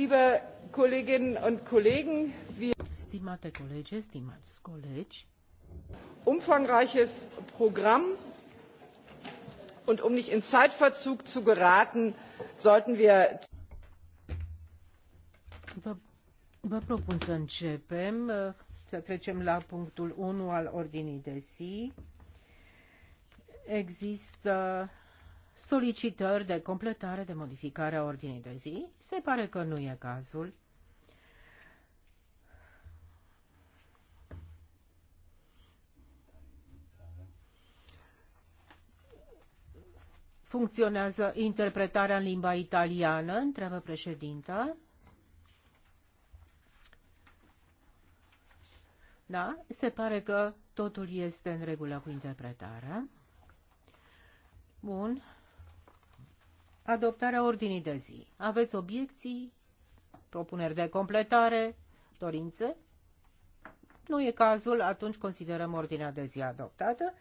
liebe Kolleginnen und Kollegen, wir stimate colege, stimați colegi, umfangreiches Programm und um nicht in Zeitverzug zu geraten, sollten wir Vă, vă propun să începem, să trecem la punctul 1 al ordinii de zi. Există solicitări de completare, de modificare a ordinii de zi? Se pare că nu e cazul. Funcționează interpretarea în limba italiană? Întreabă președinta. Da, se pare că totul este în regulă cu interpretarea. Bun adoptarea ordinii de zi. Aveți obiecții? Propuneri de completare? Dorințe? Nu e cazul, atunci considerăm ordinea de zi adoptată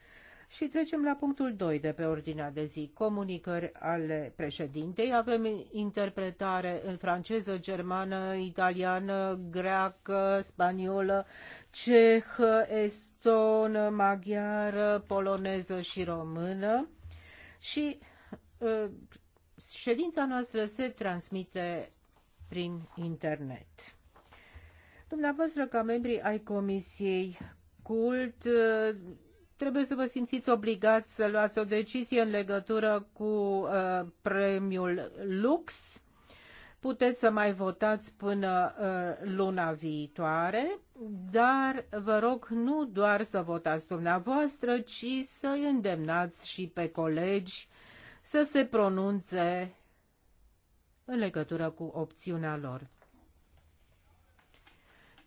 și trecem la punctul 2 de pe ordinea de zi, comunicări ale președintei. Avem interpretare în franceză, germană, italiană, greacă, spaniolă, cehă, estonă, maghiară, poloneză și română. Și uh, ședința noastră se transmite prin internet. Dumneavoastră, ca membri ai Comisiei Cult, trebuie să vă simțiți obligați să luați o decizie în legătură cu uh, premiul Lux. Puteți să mai votați până uh, luna viitoare, dar vă rog nu doar să votați dumneavoastră, ci să îndemnați și pe colegi să se pronunțe în legătură cu opțiunea lor.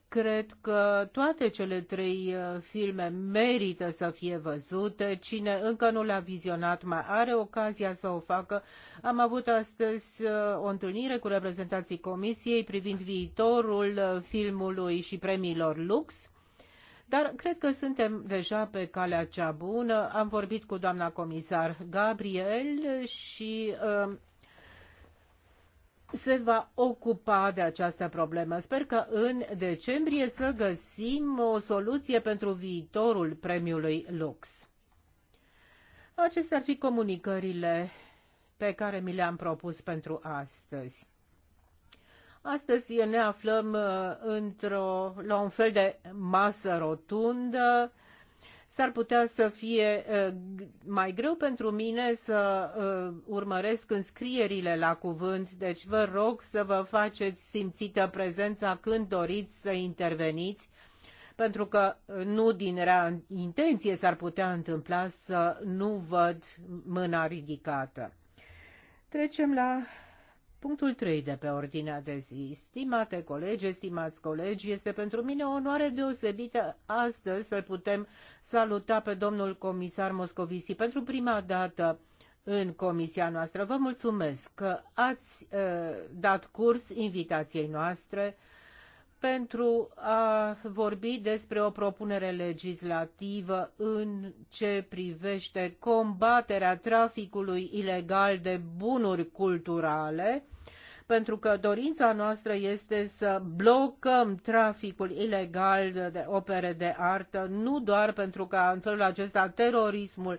Cred că toate cele trei uh, filme merită să fie văzute. Cine încă nu le-a vizionat mai are ocazia să o facă. Am avut astăzi uh, o întâlnire cu reprezentanții Comisiei privind viitorul uh, filmului și premiilor Lux dar cred că suntem deja pe calea cea bună. Am vorbit cu doamna comisar Gabriel și um, se va ocupa de această problemă. Sper că în decembrie să găsim o soluție pentru viitorul premiului Lux. Acestea ar fi comunicările pe care mi le-am propus pentru astăzi. Astăzi ne aflăm uh, într-o, la un fel de masă rotundă. S-ar putea să fie uh, mai greu pentru mine să uh, urmăresc înscrierile la cuvânt, deci vă rog să vă faceți simțită prezența când doriți să interveniți pentru că nu din rea intenție s-ar putea întâmpla să nu văd mâna ridicată. Trecem la Punctul 3 de pe ordinea de zi. Stimate colegi, stimați colegi, este pentru mine o onoare deosebită astăzi să-l putem saluta pe domnul comisar Moscovici pentru prima dată în comisia noastră. Vă mulțumesc că ați uh, dat curs invitației noastre uh, pentru a vorbi despre o propunere legislativă în ce privește combaterea traficului ilegal de bunuri culturale, pentru că dorința noastră este să blocăm traficul ilegal de opere de artă, nu doar pentru că în felul acesta terorismul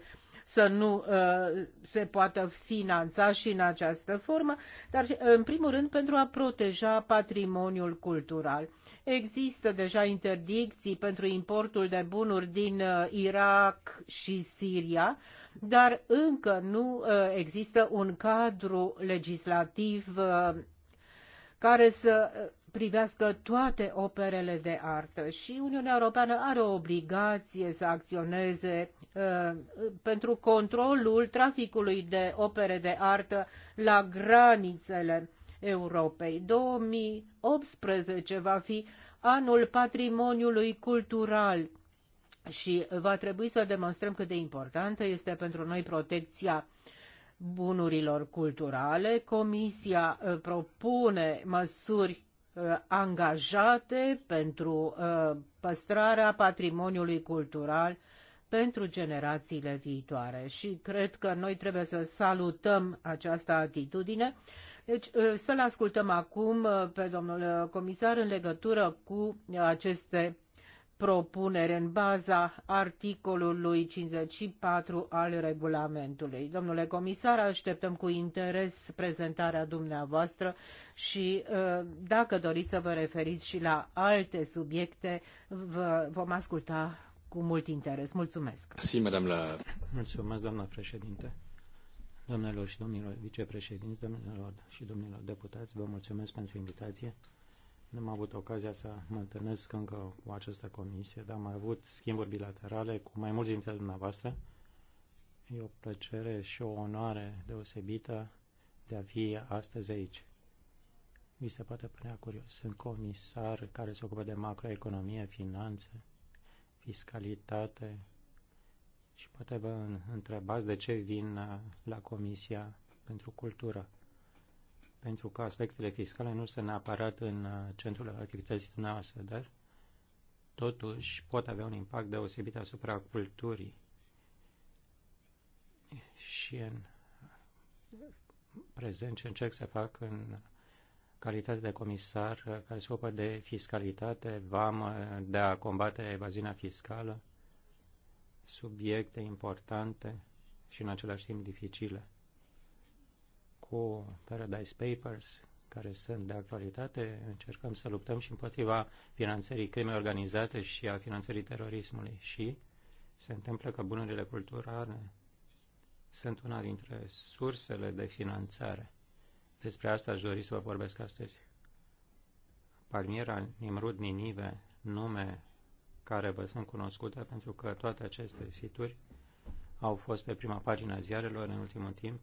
să nu uh, se poată finanța și în această formă, dar în primul rând pentru a proteja patrimoniul cultural. Există deja interdicții pentru importul de bunuri din uh, Irak și Siria, dar încă nu uh, există un cadru legislativ care să privească toate operele de artă și Uniunea Europeană are o obligație să acționeze uh, pentru controlul traficului de opere de artă la granițele Europei. 2018 va fi anul patrimoniului cultural și va trebui să demonstrăm cât de importantă este pentru noi protecția bunurilor culturale. Comisia uh, propune măsuri Uh, angajate pentru uh, păstrarea patrimoniului cultural pentru generațiile viitoare. Și cred că noi trebuie să salutăm această atitudine. Deci uh, să-l ascultăm acum pe domnul comisar în legătură cu aceste propunere în baza articolului 54 al regulamentului. Domnule comisar, așteptăm cu interes prezentarea dumneavoastră și uh, dacă doriți să vă referiți și la alte subiecte, vă vom asculta cu mult interes. Mulțumesc. Mulțumesc, doamna președinte. Doamnelor și domnilor vicepreședinți, domnilor și domnilor deputați, vă mulțumesc pentru invitație. Nu am avut ocazia să mă întâlnesc încă cu această comisie, dar am avut schimburi bilaterale cu mai mulți dintre dumneavoastră. E o plăcere și o onoare deosebită de a fi astăzi aici. Mi se poate părea curios. Sunt comisar care se ocupă de macroeconomie, finanțe, fiscalitate și poate vă întrebați de ce vin la Comisia pentru Cultură pentru că aspectele fiscale nu sunt neapărat în uh, centrul activității noastre, dar totuși pot avea un impact deosebit asupra culturii și în prezent ce încerc să fac în calitate de comisar uh, care se ocupă de fiscalitate, vam uh, de a combate evaziunea fiscală, subiecte importante și în același timp dificile cu Paradise Papers, care sunt de actualitate. Încercăm să luptăm și împotriva finanțării crimei organizate și a finanțării terorismului. Și se întâmplă că bunurile culturale sunt una dintre sursele de finanțare. Despre asta aș dori să vă vorbesc astăzi. Palmiera, Nimrud, Ninive, nume care vă sunt cunoscute pentru că toate aceste situri au fost pe prima pagina ziarelor în ultimul timp.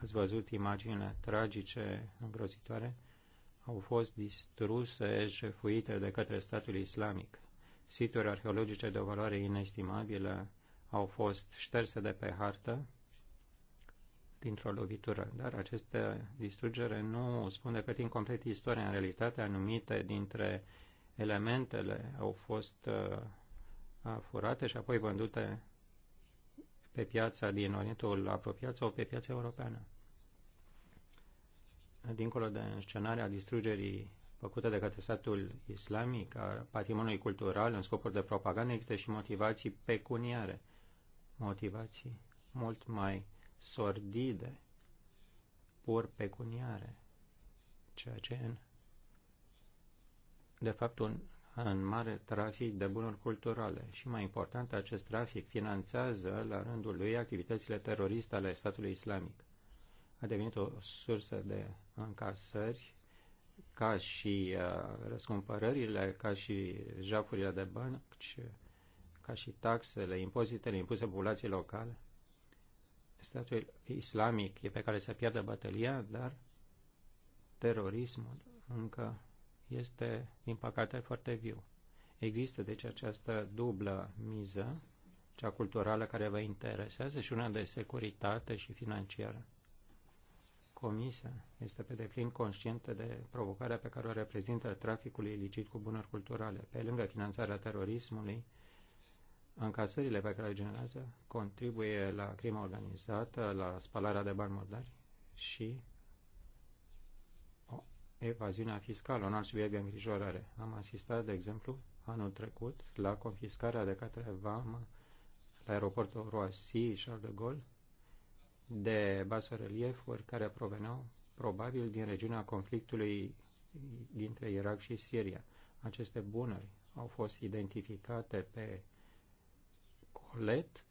Ați văzut imaginile tragice, îngrozitoare. Au fost distruse, jefuite de către statul islamic. Situri arheologice de o valoare inestimabilă au fost șterse de pe hartă dintr-o lovitură. Dar aceste distrugere nu spun decât incomplet istoria. În realitate, anumite dintre elementele au fost uh, furate și apoi vândute pe piața din Orientul apropiat sau pe piața europeană. Dincolo de înscenarea distrugerii făcută de către statul islamic a patrimoniului cultural în scopuri de propagandă, există și motivații pecuniare, motivații mult mai sordide, pur pecuniare, ceea ce în de fapt un în mare trafic de bunuri culturale și, mai important, acest trafic finanțează, la rândul lui, activitățile teroriste ale statului islamic. A devenit o sursă de încasări ca și uh, răscumpărările, ca și jafurile de bani, ca și taxele, impozitele impuse populației locale. Statul islamic e pe care se pierde bătălia, dar terorismul încă este, din păcate, foarte viu. Există, deci, această dublă miză, cea culturală care vă interesează și una de securitate și financiară. Comisia este pe deplin conștientă de provocarea pe care o reprezintă traficul ilicit cu bunuri culturale. Pe lângă finanțarea terorismului, încasările pe care le generează contribuie la crima organizată, la spalarea de bani murdari și evaziunea fiscală, un alt subiect de îngrijorare. Am asistat, de exemplu, anul trecut la confiscarea de către VAMA la aeroportul Roissy și Charles de Gaulle de basoreliefuri care proveneau probabil din regiunea conflictului dintre Irak și Siria. Aceste bunuri au fost identificate pe colet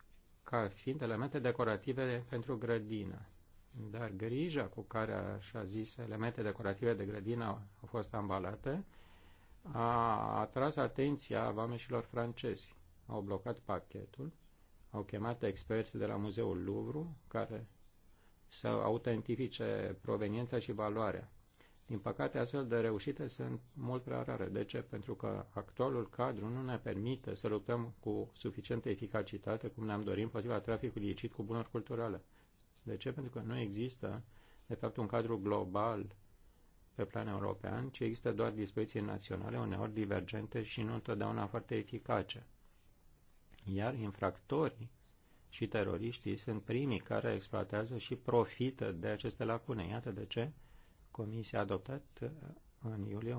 ca fiind elemente decorative pentru grădină dar grija cu care, așa zis, elemente decorative de grădină au fost ambalate a atras atenția vameșilor francezi. Au blocat pachetul, au chemat experți de la Muzeul Louvre care să autentifice proveniența și valoarea. Din păcate, astfel de reușite sunt mult prea rare. De ce? Pentru că actualul cadru nu ne permite să luptăm cu suficientă eficacitate, cum ne-am dorit, împotriva traficului licit cu bunuri culturale. De ce? Pentru că nu există, de fapt, un cadru global pe plan european, ci există doar dispoziții naționale, uneori divergente și nu întotdeauna foarte eficace. Iar infractorii și teroriștii sunt primii care exploatează și profită de aceste lacune. Iată de ce Comisia a adoptat uh, în iulie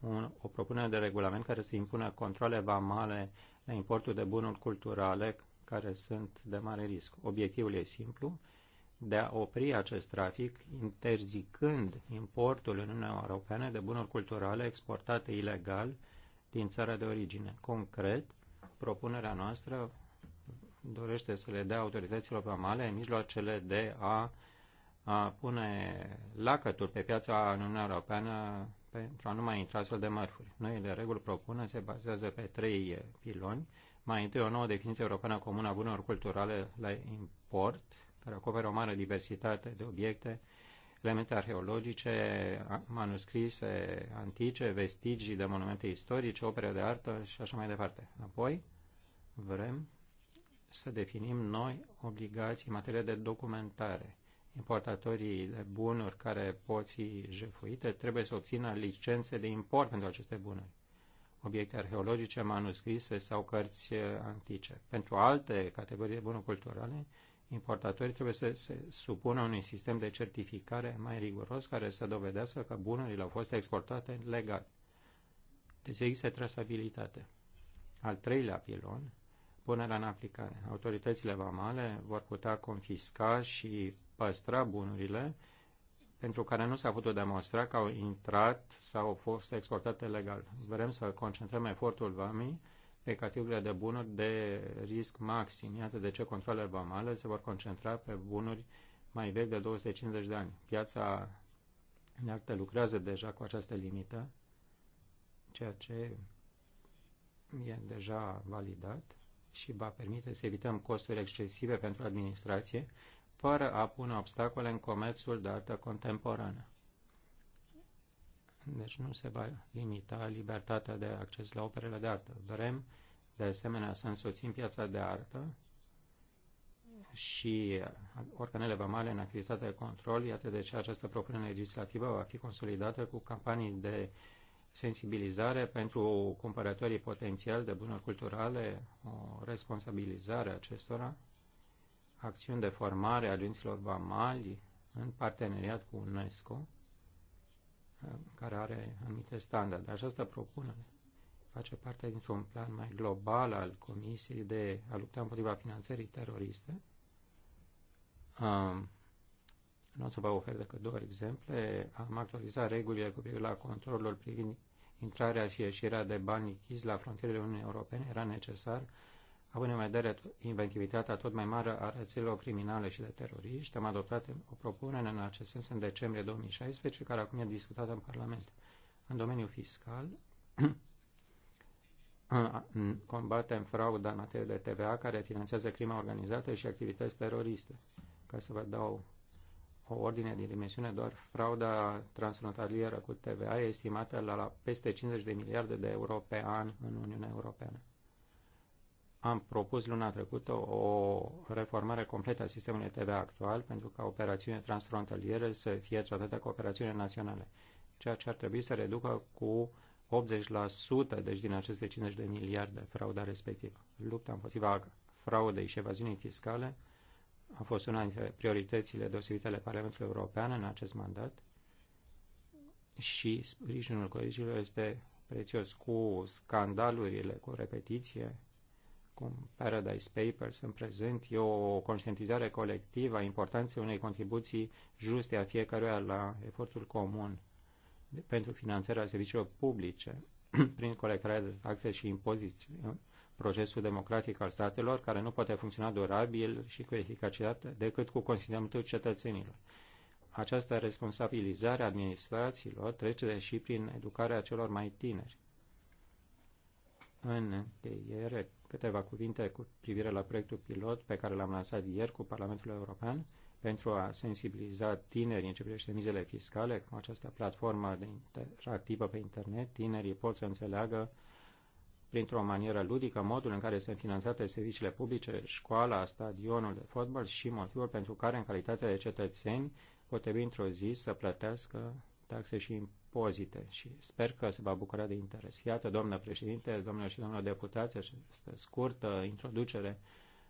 un, o propunere de regulament care să impună controle vamale la importul de bunuri culturale care sunt de mare risc. Obiectivul e simplu, de a opri acest trafic, interzicând importul în Uniunea Europeană de bunuri culturale exportate ilegal din țara de origine. Concret, propunerea noastră dorește să le dea autorităților vamale mijloacele de a, a pune lacături pe piața în Uniunea Europeană pentru a nu mai intra astfel de mărfuri. de regulă, propunem, se bazează pe trei piloni. Mai întâi o nouă definiție europeană comună a bunurilor culturale la import, care acoperă o mare diversitate de obiecte, elemente arheologice, manuscrise antice, vestigii de monumente istorice, opere de artă și așa mai departe. Apoi, vrem să definim noi obligații în materie de documentare. Importatorii de bunuri care pot fi jefuite trebuie să obțină licențe de import pentru aceste bunuri, obiecte arheologice, manuscrise sau cărți antice. Pentru alte categorii de bunuri culturale, importatorii trebuie să se supună unui sistem de certificare mai riguros care să dovedească că bunurile au fost exportate legal. Deci există trasabilitate. Al treilea pilon, punerea în aplicare. Autoritățile vamale vor putea confisca și păstra bunurile pentru care nu s-a putut demonstra că au intrat sau au fost exportate legal. Vrem să concentrăm efortul vamii pe categoria de bunuri de risc maxim. Iată de ce controlele vamale se vor concentra pe bunuri mai vechi de 250 de ani. Piața de acte lucrează deja cu această limită, ceea ce e deja validat și va permite să evităm costuri excesive pentru administrație, fără a pune obstacole în comerțul de artă contemporană. Deci nu se va limita libertatea de acces la operele de artă. Vrem, de asemenea, să însoțim piața de artă și organele vamale în activitatea de control. Iată de ce această propunere legislativă va fi consolidată cu campanii de sensibilizare pentru cumpărătorii potențiali de bunuri culturale, o responsabilizare acestora, acțiuni de formare a agenților vamali în parteneriat cu UNESCO, care are anumite standarde. Această propunere face parte dintr-un plan mai global al Comisiei de a lupta împotriva finanțării teroriste. Um, nu o să vă ofer decât două exemple. Am actualizat regulile cu privire la controlul privind intrarea și ieșirea de bani chis la frontierele Uniunii Europene. Era necesar uh, Având în vedere inventivitatea tot mai mare a rețelelor criminale și de teroriști, am adoptat o propunere în acest sens în decembrie 2016, care acum e discutată în Parlament. În domeniul fiscal, combatem frauda în materie de TVA care finanțează crima organizată și activități teroriste. Ca să vă dau o ordine de dimensiune, doar frauda transfrontalieră cu TVA e estimată la, la peste 50 de miliarde de euro pe an în Uniunea Europeană am propus luna trecută o reformare completă a sistemului TVA actual pentru ca operațiune transfrontaliere să fie tratate ca operațiune naționale, ceea ce ar trebui să reducă cu 80%, deci din aceste 50 de miliarde, frauda respectivă. Lupta împotriva fraudei și evaziunii fiscale a fost una dintre prioritățile deosebite ale Parlamentului European în acest mandat și sprijinul colegilor este prețios cu scandalurile, cu repetiție, cum Paradise Papers în prezent, e o conștientizare colectivă a importanței unei contribuții juste a fiecăruia la efortul comun pentru finanțarea serviciilor publice prin colectarea de taxe și impozite, procesul democratic al statelor care nu poate funcționa durabil și cu eficacitate decât cu consimțământul cetățenilor. Această responsabilizare a administrațiilor trece și prin educarea celor mai tineri. În încheiere, câteva cuvinte cu privire la proiectul pilot pe care l-am lansat ieri cu Parlamentul European pentru a sensibiliza tinerii în ce privește mizele fiscale. Cu această platformă de interactivă pe internet, tinerii pot să înțeleagă printr-o manieră ludică modul în care sunt finanțate serviciile publice, școala, stadionul de fotbal și motivul pentru care, în calitate de cetățeni, pot trebui într-o zi să plătească taxe și impozite pozite și sper că se va bucura de interes. Iată, doamna președinte, domnule și domnule deputați, această scurtă introducere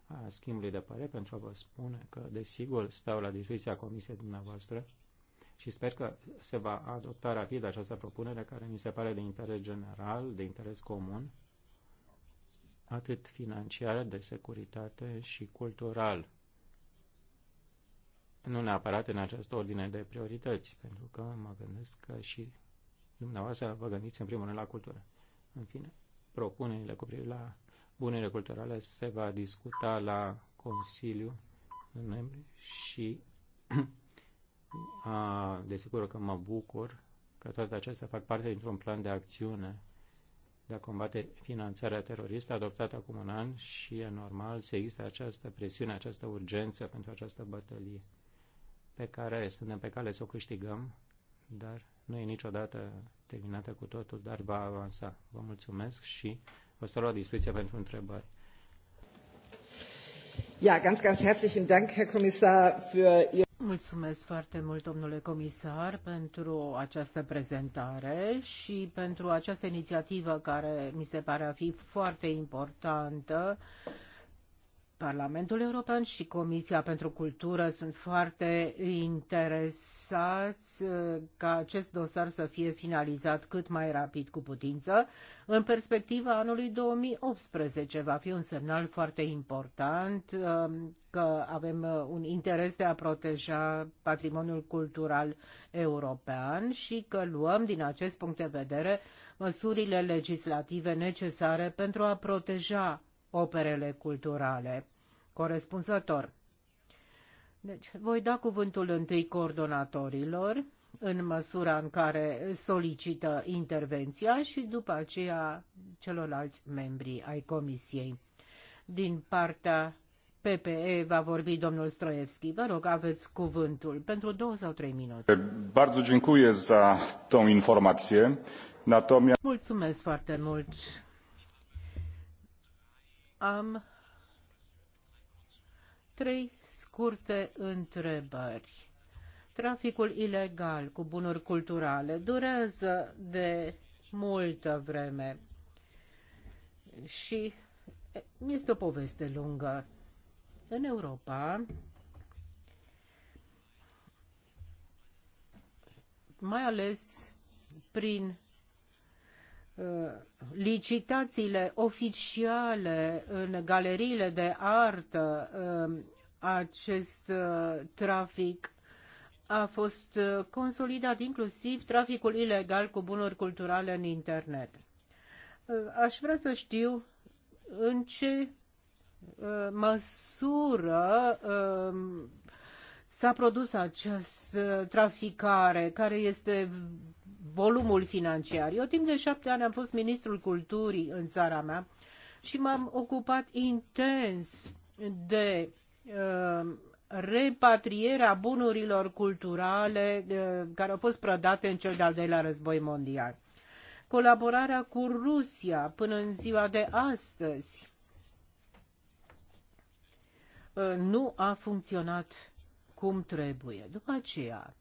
a schimbului de părere pentru a vă spune că, desigur, stau la dispoziția comisiei dumneavoastră și sper că se va adopta rapid această propunere care mi se pare de interes general, de interes comun, atât financiar, de securitate și cultural nu neapărat în această ordine de priorități, pentru că mă gândesc că și dumneavoastră vă gândiți în primul rând la cultură. În fine, propunerile cu privire la bunele culturale se va discuta la Consiliu în noiembrie și a, desigur că mă bucur că toate acestea fac parte dintr-un plan de acțiune de a combate finanțarea teroristă adoptată acum un an și e normal să există această presiune, această urgență pentru această bătălie pe care suntem pe cale să o câștigăm, dar nu e niciodată terminată cu totul, dar va avansa. Vă mulțumesc și vă stau la dispoziție pentru întrebări. Ja, ganz, ganz herzlichen Dank, Herr Kommissar, für Ihr Mulțumesc foarte mult, domnule comisar, pentru această prezentare și pentru această inițiativă care mi se pare a fi foarte importantă. Uh, Parlamentul European și Comisia pentru Cultură sunt foarte interesați uh, ca acest dosar să fie finalizat cât mai rapid cu putință. În perspectiva anului 2018 va fi un semnal foarte important uh, că avem uh, un interes de a proteja patrimoniul cultural european și că luăm din acest punct de vedere măsurile legislative necesare pentru a proteja operele culturale corespunzător. Deci, voi da cuvântul întâi coordonatorilor în măsura în care solicită intervenția și după aceea celorlalți membri ai comisiei. Din partea PPE va vorbi domnul Stroievski. Vă rog, aveți cuvântul pentru două sau trei minute. Bardzo dziękuję za tą informację. Natomiast... Mulțumesc foarte mult. Am trei scurte întrebări. Traficul ilegal cu bunuri culturale durează de multă vreme și este o poveste lungă. În Europa, mai ales prin uh, licitațiile oficiale în galeriile de artă uh, acest uh, trafic a fost uh, consolidat inclusiv traficul ilegal cu bunuri culturale în internet. Uh, aș vrea să știu în ce măsură s-a produs această traficare, care este volumul financiar. Eu timp de șapte ani am fost ministrul culturii în țara mea și m-am ocupat intens de Uh, repatrierea bunurilor culturale uh, care au fost prădate în cel de-al doilea război mondial. Colaborarea cu Rusia până în ziua de astăzi uh, nu a funcționat cum trebuie. După aceea,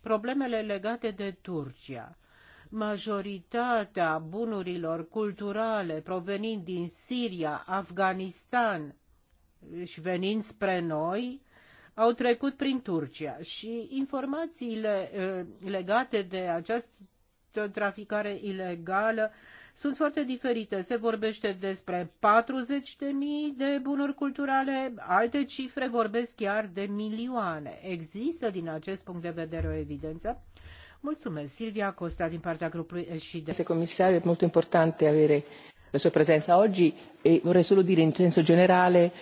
problemele legate de Turcia. Majoritatea bunurilor culturale provenind din Siria, Afganistan, și venind spre noi, au trecut prin Turcia și informațiile uh, legate de această traficare ilegală sunt foarte diferite. Se vorbește despre 40.000 de bunuri culturale, alte cifre vorbesc chiar de milioane. Există din acest punct de vedere o evidență? Mulțumesc, Silvia Costa, din partea grupului Eșide. Este comisar, e molto importante avere la sua presenza oggi e vorrei solo dire in senso generale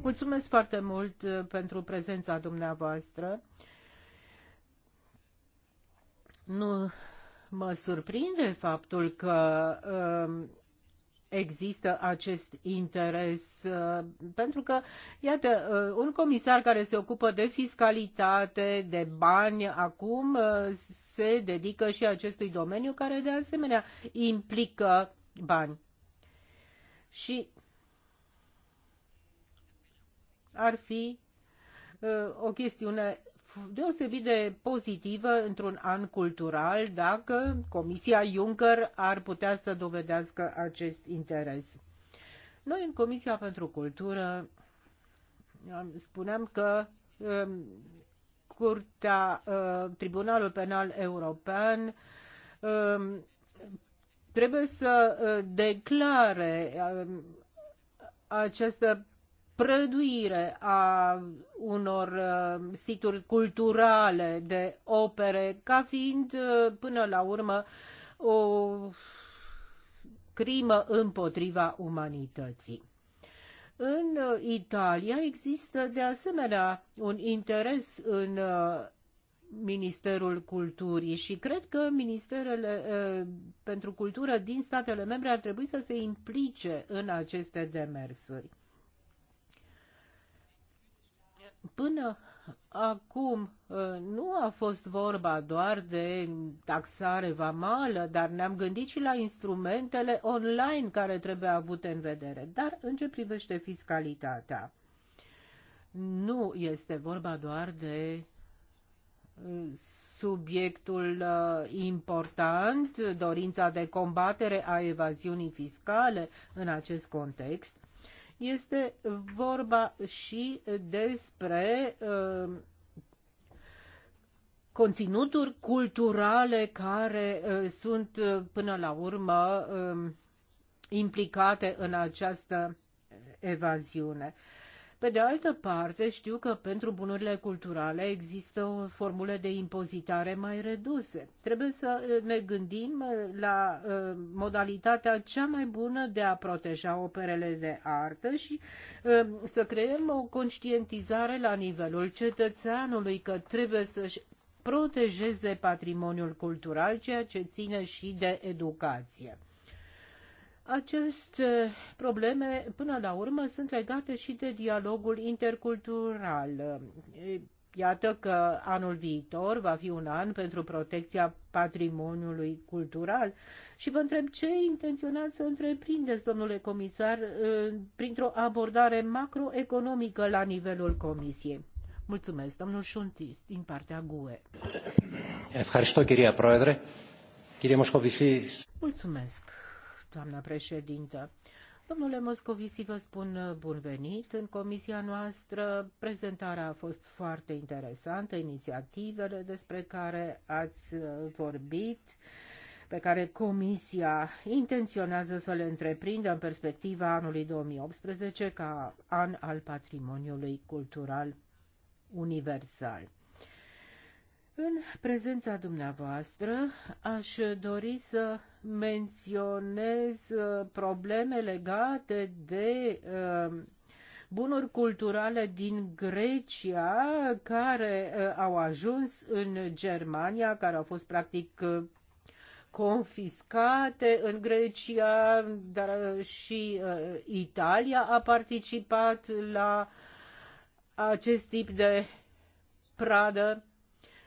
Mulțumesc foarte mult uh, pentru prezența dumneavoastră. Nu mă surprinde faptul că uh, există acest interes, uh, pentru că, iată, un comisar care se ocupă de fiscalitate, de bani, acum se dedică și acestui domeniu care, de asemenea, implică bani. Și ar fi uh, o chestiune deosebit de pozitivă într-un an cultural dacă Comisia Juncker ar putea să dovedească acest interes. Noi în Comisia pentru Cultură spuneam că um, Curtea, uh, Tribunalul Penal European um, trebuie să uh, declare um, această prăduire a unor uh, situri culturale, de opere, ca fiind uh, până la urmă o crimă împotriva umanității. În uh, Italia există de asemenea un interes în Ministerul Culturii și cred că ministerele uh, pentru cultură din statele membre ar trebui să se implice în aceste demersuri. Până acum uh, nu a fost vorba doar de taxare vamală, dar ne-am gândit și la instrumentele online care trebuie avute în vedere. Dar în ce privește fiscalitatea? Nu este vorba doar de uh, subiectul uh, important, dorința de combatere a evaziunii fiscale în acest context, este vorba și despre uh, conținuturi culturale care uh, sunt uh, până la urmă implicate în această evaziune. Pe de altă parte, știu că pentru bunurile culturale există formule de impozitare mai reduse. Trebuie să ne gândim la uh, modalitatea cea mai bună de a proteja operele de artă și uh, să creăm o conștientizare la nivelul cetățeanului că trebuie să-și protejeze patrimoniul cultural, ceea ce ține și de educație. Aceste probleme, până la urmă, sunt legate și de dialogul intercultural. Iată că anul viitor va fi un an pentru protecția patrimoniului cultural și vă întreb ce intenționați să întreprindeți, domnule comisar, printr-o abordare macroeconomică la nivelul comisiei. Mulțumesc, domnul Șuntis, din partea GUE. Mulțumesc doamnă președintă. Domnule Moscovici, vă spun uh, bun venit în comisia noastră. Prezentarea a fost foarte interesantă, inițiativele despre care ați uh, vorbit pe care Comisia intenționează să le întreprindă în perspectiva anului 2018 ca an al patrimoniului cultural universal. În prezența dumneavoastră aș dori să menționez uh, probleme legate de uh, bunuri culturale din Grecia care uh, au ajuns în Germania, care au fost practic confiscate în Grecia, dar și Italia a participat la acest tip de pradă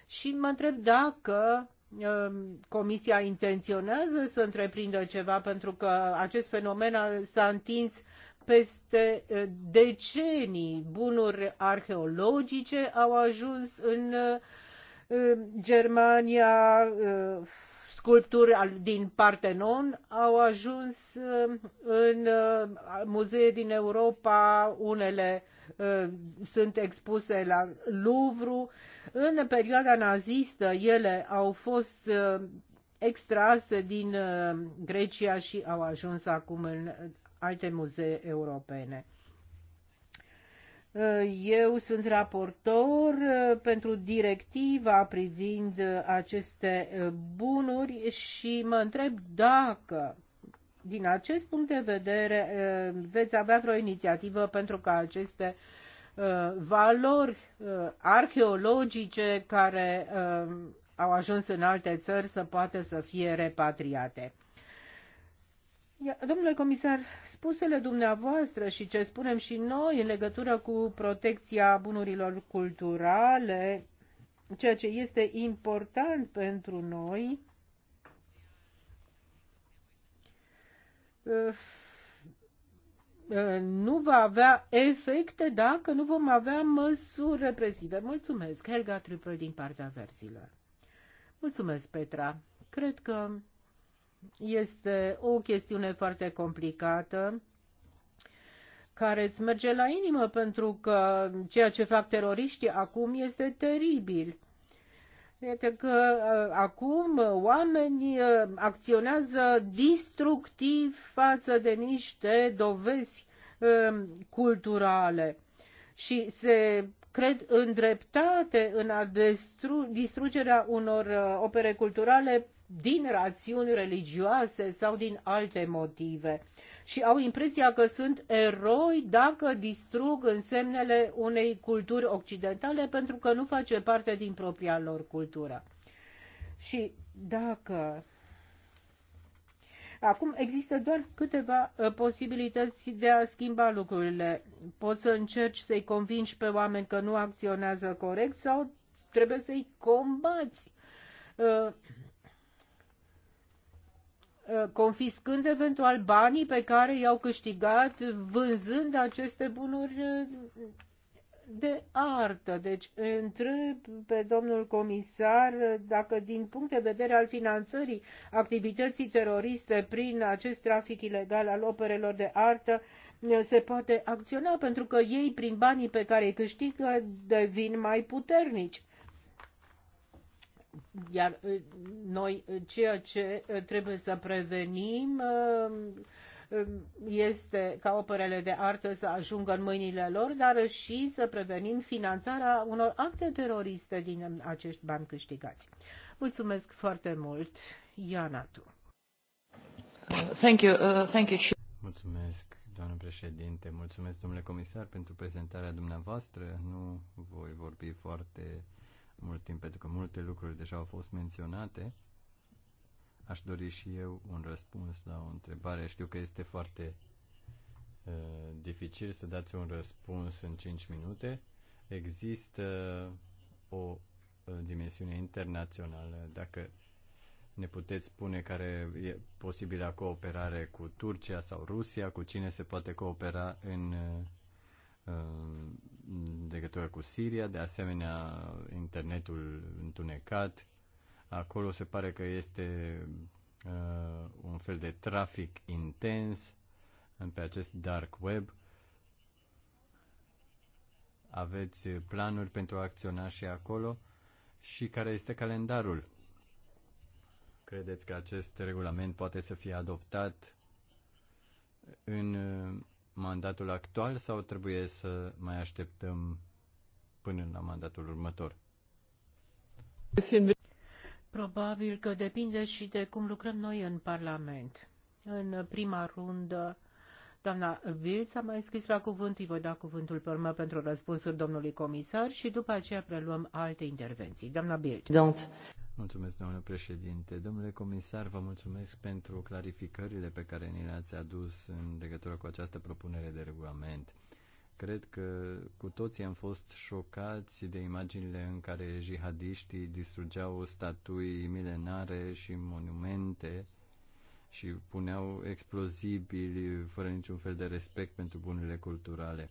și mă întreb dacă Ehm, comisia intenționează să întreprindă ceva pentru că acest fenomen s-a întins peste decenii. Bunuri arheologice au ajuns în Germania, sculpturi din Partenon au ajuns uh, în uh, muzee din Europa, unele uh, sunt expuse la Louvre. În perioada nazistă ele au fost extrase din Grecia și au ajuns acum în alte muzee europene. Eh, eu sunt raportor eh, pentru directiva privind eh, aceste bunuri și mă întreb dacă din acest punct de vedere veți avea vreo inițiativă pentru ca aceste valori arheologice care au ajuns în alte țări să poată să fie repatriate. Domnule comisar, spusele dumneavoastră și ce spunem și noi în legătură cu protecția bunurilor culturale, ceea ce este important pentru noi, uh, uh, nu va avea efecte dacă nu vom avea măsuri represive. Mulțumesc, Helga Trupel din partea versilor. Mulțumesc, Petra. Cred că este o chestiune foarte complicată care îți merge la inimă pentru că ceea ce fac teroriștii acum este teribil. Iată că uh, acum oamenii uh, acționează destructiv față de niște dovezi um, culturale și se cred îndreptate în a distrugerea unor uh, opere culturale din rațiuni religioase sau din alte motive și au impresia că sunt eroi dacă distrug însemnele unei culturi occidentale pentru că nu face parte din propria lor cultură. Și dacă Acum există doar câteva uh, posibilități de a schimba lucrurile. Poți să încerci să-i convingi pe oameni că nu acționează corect sau trebuie să-i combați. Uh, Uh, confiscând eventual banii pe care i-au câștigat vânzând aceste bunuri uh, de artă. Deci întreb pe domnul comisar uh, dacă din punct de vedere al finanțării activității teroriste prin acest trafic ilegal al operelor de artă se poate acționa pentru că ei prin banii pe care îi câștigă devin mai puternici. Iar uh, noi uh, ceea ce uh, trebuie să prevenim um, este ca operele de artă să ajungă în mâinile lor, dar și să prevenim finanțarea unor acte teroriste din acești bani câștigați. Mulțumesc foarte mult, Iana Tu. Thank you, uh, thank you. Mulțumesc, doamnă președinte, mulțumesc, domnule comisar, pentru prezentarea dumneavoastră. Nu voi vorbi foarte mult timp pentru că multe lucruri deja au fost menționate. Aș dori și eu un răspuns la o întrebare. Știu că este foarte uh, dificil să dați un răspuns în 5 minute. Există o uh, dimensiune internațională, dacă ne puteți spune care e posibilă cooperare cu Turcia sau Rusia, cu cine se poate coopera în uh, legătură cu Siria, de asemenea internetul întunecat. Acolo se pare că este uh, un fel de trafic intens pe acest dark web. Aveți planuri pentru a acționa și acolo și care este calendarul? Credeți că acest regulament poate să fie adoptat în uh, mandatul actual sau trebuie să mai așteptăm până la mandatul următor? Probabil că depinde și de cum lucrăm noi în Parlament. În prima rundă, doamna Bill a mai scris la cuvânt, îi voi da cuvântul pe urmă pentru răspunsul domnului comisar și după aceea preluăm alte intervenții. Doamna Bill. Don't. Mulțumesc, domnule președinte. Domnule comisar, vă mulțumesc pentru clarificările pe care ni le-ați adus în legătură cu această propunere de regulament. Cred că cu toții am fost șocați de imaginile în care jihadiștii distrugeau statui milenare și monumente și puneau explozibili fără niciun fel de respect pentru bunurile culturale.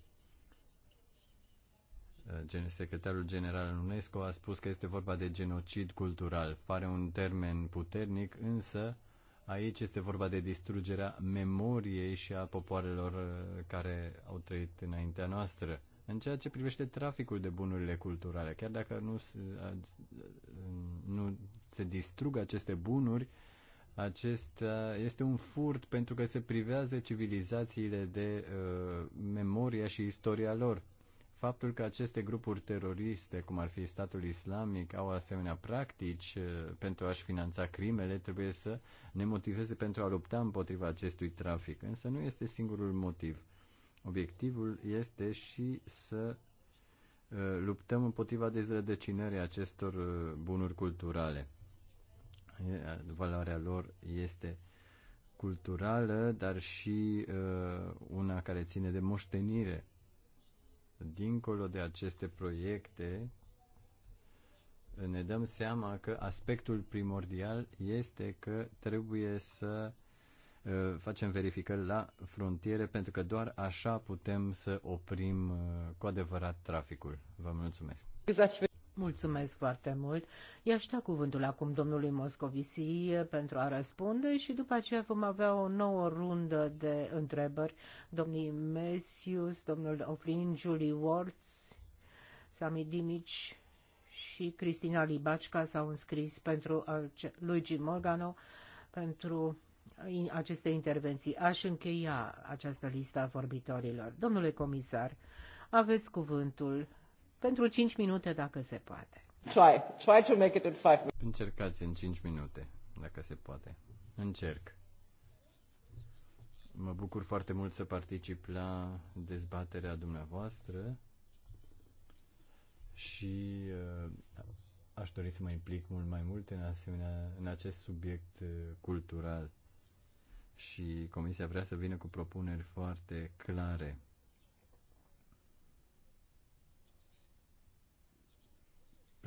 Eh, secretarul general al UNESCO a spus că este vorba de genocid cultural. Pare un termen puternic, însă aici este vorba de distrugerea memoriei și a popoarelor eh, care au trăit înaintea noastră. În ceea ce privește traficul de bunurile culturale, chiar dacă nu se, eh, nu se distrug aceste bunuri, acesta este un furt pentru că se privează civilizațiile de uh, memoria și istoria lor faptul că aceste grupuri teroriste, cum ar fi statul islamic, au asemenea practici uh, pentru a-și finanța crimele, trebuie să ne motiveze pentru a lupta împotriva acestui trafic. Însă nu este singurul motiv. Obiectivul este și să uh, luptăm împotriva dezrădăcinării acestor uh, bunuri culturale. Valoarea lor este culturală, dar și una care ține de moștenire dincolo de aceste proiecte, ne dăm seama că aspectul primordial este că trebuie să uh, facem verificări la frontiere pentru că doar așa putem să oprim uh, cu adevărat traficul. Vă mulțumesc. Mulțumesc foarte mult. Ia aș da cuvântul acum domnului Moscovici pentru a răspunde și după aceea vom avea o nouă rundă de întrebări. Domnii Mesius, domnul Oflin, Julie Wards, Sami Dimici și Cristina Libacca s-au înscris pentru Luigi Morgano pentru aceste intervenții. Aș încheia această listă a vorbitorilor. Domnule comisar, aveți cuvântul pentru 5 minute dacă se poate. Try. Try to make it in five minutes. Încercați în 5 minute, dacă se poate. Încerc. Mă bucur foarte mult să particip la dezbaterea dumneavoastră și uh, aș dori să mă implic mult mai mult în, asemenea, în acest subiect uh, cultural. Și Comisia vrea să vină cu propuneri foarte clare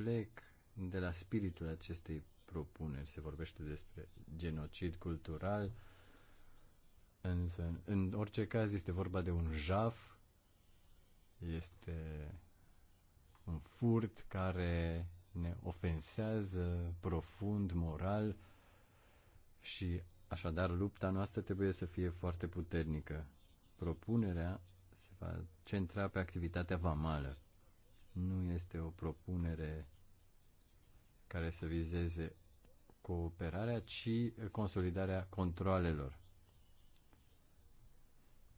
plec de la spiritul acestei propuneri. Se vorbește despre genocid cultural, însă în orice caz este vorba de un jaf, este un furt care ne ofensează profund, moral și așadar lupta noastră trebuie să fie foarte puternică. Propunerea se va centra pe activitatea vamală nu este o propunere care să vizeze cooperarea, ci consolidarea controalelor.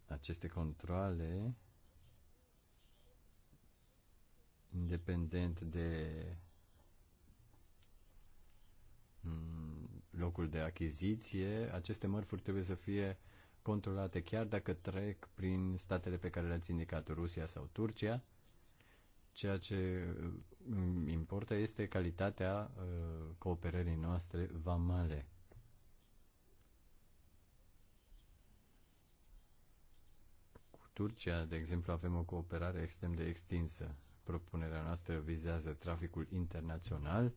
Aceste controle, independent de mm, locul de achiziție, aceste mărfuri trebuie să fie controlate chiar dacă trec prin statele pe care le-ați indicat, Rusia sau Turcia, Ceea ce mm, importă este calitatea uh, cooperării noastre vamale. Cu Turcia, de exemplu, avem o cooperare extrem de extinsă. Propunerea noastră vizează traficul internațional,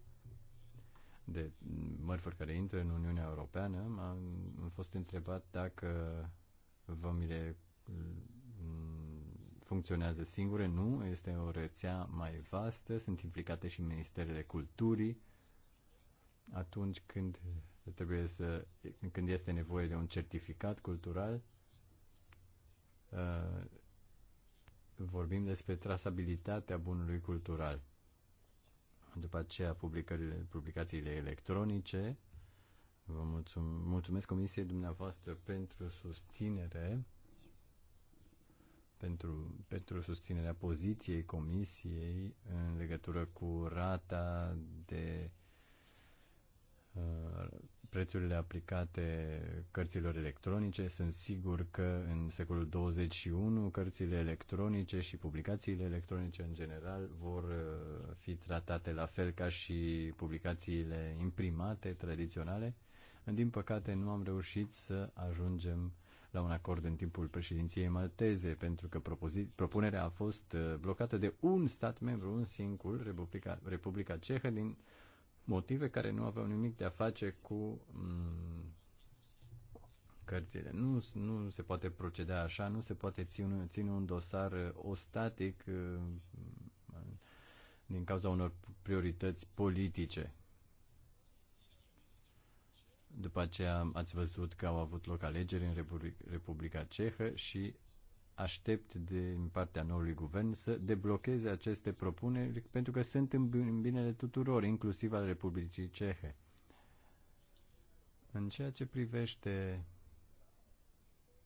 de mm, mărfuri care intră în Uniunea Europeană, am, am fost întrebat dacă vămile mm, funcționează singure, nu, este o rețea mai vastă, sunt implicate și ministerele culturii atunci când trebuie să, când este nevoie de un certificat cultural, uh, vorbim despre trasabilitatea bunului cultural. După aceea, publicările, publicațiile electronice. Vă mulțum, mulțumesc Comisiei dumneavoastră pentru susținere pentru, pentru susținerea poziției Comisiei în legătură cu rata de uh, prețurile aplicate cărților electronice. Sunt sigur că în secolul 21 cărțile electronice și publicațiile electronice în general vor uh, fi tratate la fel ca și publicațiile imprimate tradiționale. Din păcate nu am reușit să ajungem la un acord în timpul președinției malteze, pentru că propunerea a fost uh, blocată de un stat membru, un singur, Republica, Republica Cehă, din motive care nu aveau nimic de a face cu mm, cărțile. Nu, nu se poate proceda așa, nu se poate ține, ține un dosar uh, ostatic uh, din cauza unor priorități politice. După aceea ați văzut că au avut loc alegeri în Republica Cehă și aștept din partea noului guvern să deblocheze aceste propuneri pentru că sunt în binele tuturor, inclusiv al Republicii Cehe. În ceea ce privește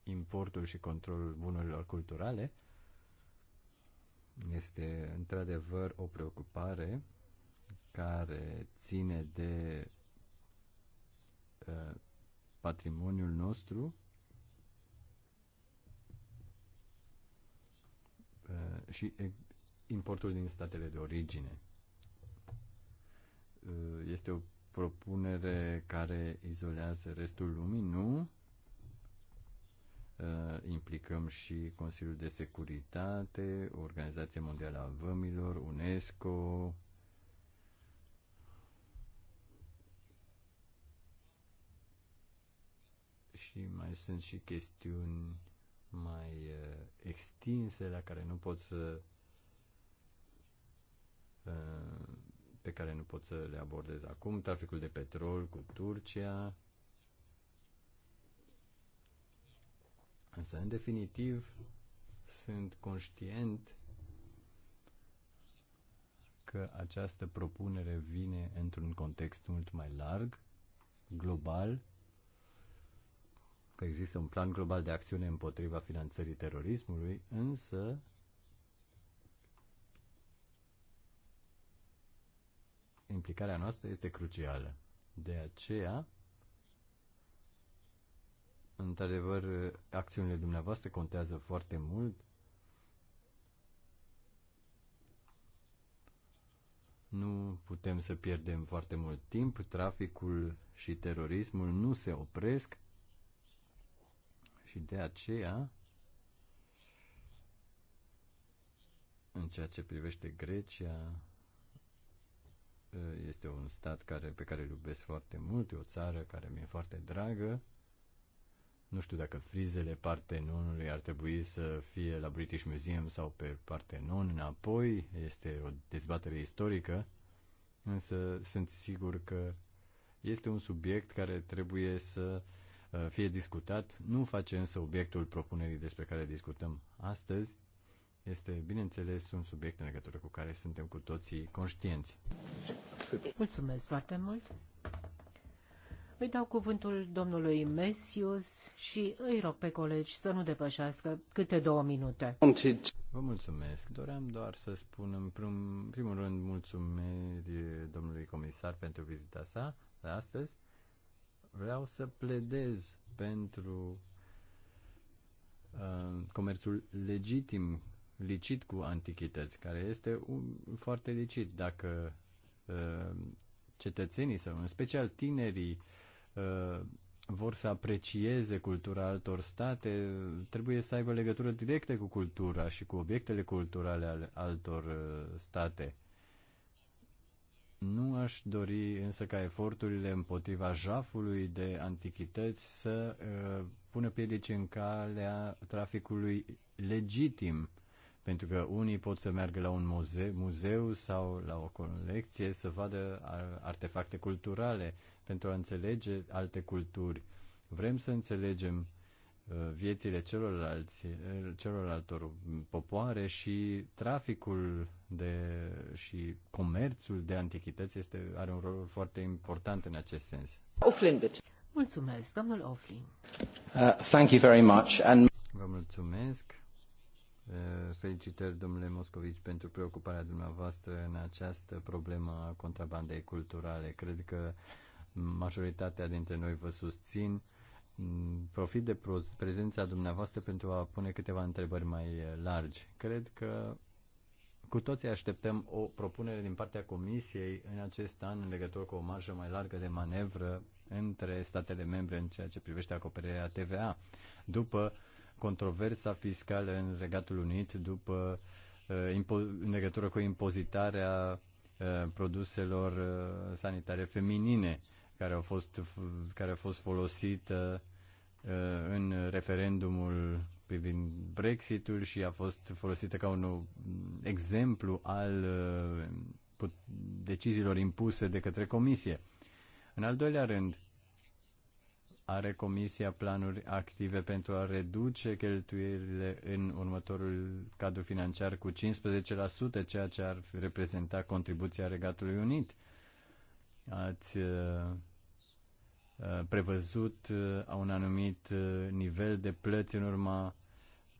importul și controlul bunurilor culturale, este într-adevăr o preocupare care ține de patrimoniul nostru uh, și importul din statele de origine. Uh, este o propunere care izolează restul lumii? Nu. Uh, implicăm și Consiliul de Securitate, Organizația Mondială a Vămilor, UNESCO, și mai sunt și chestiuni mai eh, extinse la care nu pot să eh, pe care nu pot să le abordez acum, traficul de petrol cu Turcia. Însă, în definitiv, sunt conștient că această propunere vine într-un context mult mai larg, global, că există un plan global de acțiune împotriva finanțării terorismului, însă implicarea noastră este crucială. De aceea, într-adevăr, acțiunile dumneavoastră contează foarte mult. Nu putem să pierdem foarte mult timp, traficul și terorismul nu se opresc și de aceea, în ceea ce privește Grecia, ă, este un stat care, pe care îl iubesc foarte mult, e o țară care mi-e foarte dragă. Nu știu dacă frizele Partenonului ar trebui să fie la British Museum sau pe Partenon înapoi, este o dezbatere istorică, însă sunt sigur că este un subiect care trebuie să uh, Uh, fie discutat, nu face însă obiectul propunerii despre care discutăm astăzi. Este, bineînțeles, un subiect în legătură cu care suntem cu toții conștienți. Mulțumesc foarte mult! Îi dau cuvântul domnului Mesius și îi rog pe colegi să nu depășească câte două minute. Vă mulțumesc. Doream doar să spun în primul rând mulțumiri domnului comisar pentru vizita sa de astăzi. Vreau să pledez pentru uh, comerțul legitim, licit cu antichități, care este un, foarte licit dacă uh, cetățenii sau în special tinerii uh, vor să aprecieze cultura altor state, trebuie să aibă legătură directă cu cultura și cu obiectele culturale ale altor uh, state. Nu aș dori însă ca eforturile împotriva jafului de antichități să uh, pună piedici în calea traficului legitim, pentru că unii pot să meargă la un muze- muzeu sau la o colecție să vadă artefacte culturale pentru a înțelege alte culturi. Vrem să înțelegem Uh, viețile celorlalți, uh, celorlaltor popoare și traficul de, și comerțul de antichități este, are un rol foarte important în acest sens. Oflin, deci. Mulțumesc, domnul Oflin. Uh, thank you very much. And... Vă mulțumesc. Uh, felicitări, domnule Moscovici, pentru preocuparea dumneavoastră în această problemă a contrabandei culturale. Cred că majoritatea dintre noi vă susțin Mm, profit de prezența dumneavoastră pentru a pune câteva întrebări mai eh, largi. Cred că cu toții așteptăm o propunere din partea Comisiei în acest an în legătură cu o marjă mai largă de manevră între statele membre în ceea ce privește acoperirea TVA, după controversa fiscală în Regatul Unit, după eh, în legătură cu impozitarea eh, produselor sanitare feminine care a fost, care a fost folosită uh, în referendumul privind Brexitul și a fost folosită ca un exemplu al uh, deciziilor impuse de către Comisie. În al doilea rând, are Comisia planuri active pentru a reduce cheltuielile în următorul cadru financiar cu 15%, ceea ce ar reprezenta contribuția Regatului Unit – ați uh, uh, prevăzut uh, un anumit nivel de plăți în urma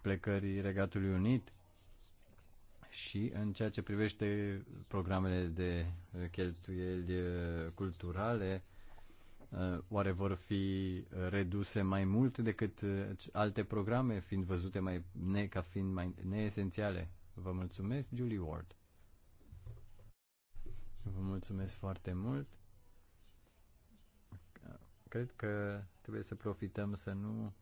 plecării Regatului Unit și în ceea ce privește programele de cheltuieli culturale, oare vor fi reduse mai mult decât alte programe, fiind văzute mai ne, ca fiind mai neesențiale? Vă mulțumesc, Julie Ward. Vă mulțumesc foarte mult cred că trebuie să profităm să nu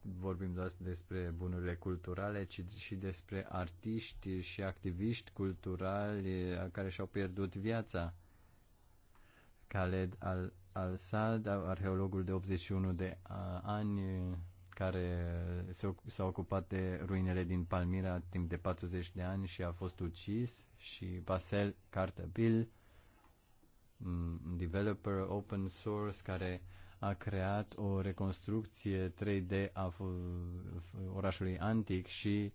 vorbim doar despre bunurile culturale, ci și despre artiști și activiști culturali eh, care și-au pierdut viața. Khaled al al arheologul de 81 de ani, care s-a ocupat de ruinele din Palmira timp de 40 de ani și a fost ucis, și Basel Cartabil, mm, developer open source, care a creat o reconstrucție 3D a orașului antic și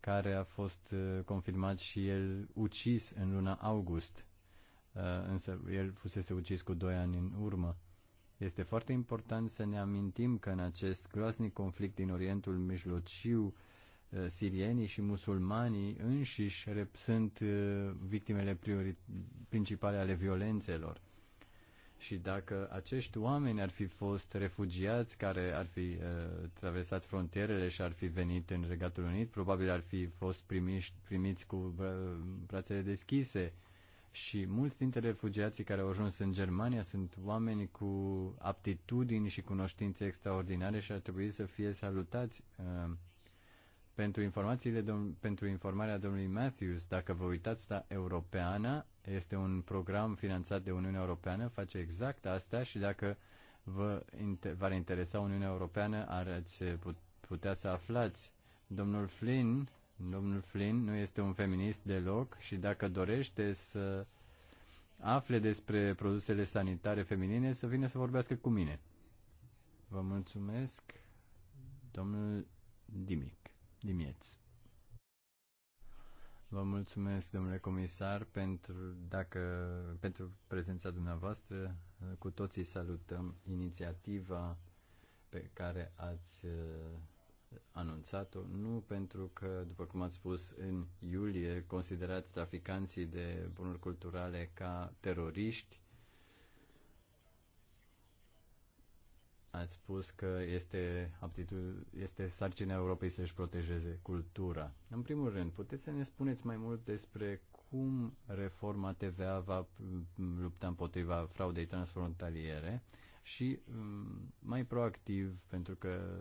care a fost uh, confirmat și el ucis în luna august. Uh, însă el fusese ucis cu doi ani în urmă. Este foarte important să ne amintim că în acest groaznic conflict din Orientul Mijlociu, uh, sirienii și musulmanii înșiși sunt victimele priori- principale ale violențelor și dacă acești oameni ar fi fost refugiați care ar fi uh, traversat frontierele și ar fi venit în Regatul Unit, probabil ar fi fost primiși, primiți cu bra- uh, brațele deschise. Și mulți dintre refugiații care au ajuns în Germania sunt oameni cu aptitudini și cunoștințe extraordinare și ar trebui să fie salutați uh, pentru informațiile, dom- pentru informarea domnului Matthews, dacă vă uitați la Europeana, este un program finanțat de Uniunea Europeană, face exact asta și dacă vă inter- v-ar interesa Uniunea Europeană, ați putea să aflați. Domnul Flynn, domnul Flynn nu este un feminist deloc și dacă dorește să afle despre produsele sanitare feminine, să vină să vorbească cu mine. Vă mulțumesc, domnul Dimic dimineți. Vă mulțumesc, domnule comisar, pentru, dacă, pentru prezența dumneavoastră. Cu toții salutăm inițiativa pe care ați uh, anunțat-o, nu pentru că, după cum ați spus în iulie, considerați traficanții de bunuri culturale ca teroriști, Ați spus că este, aptitud, este sarcina Europei să-și protejeze cultura. În primul rând, puteți să ne spuneți mai mult despre cum reforma TVA va lupta împotriva fraudei transfrontaliere și mm, mai proactiv, pentru că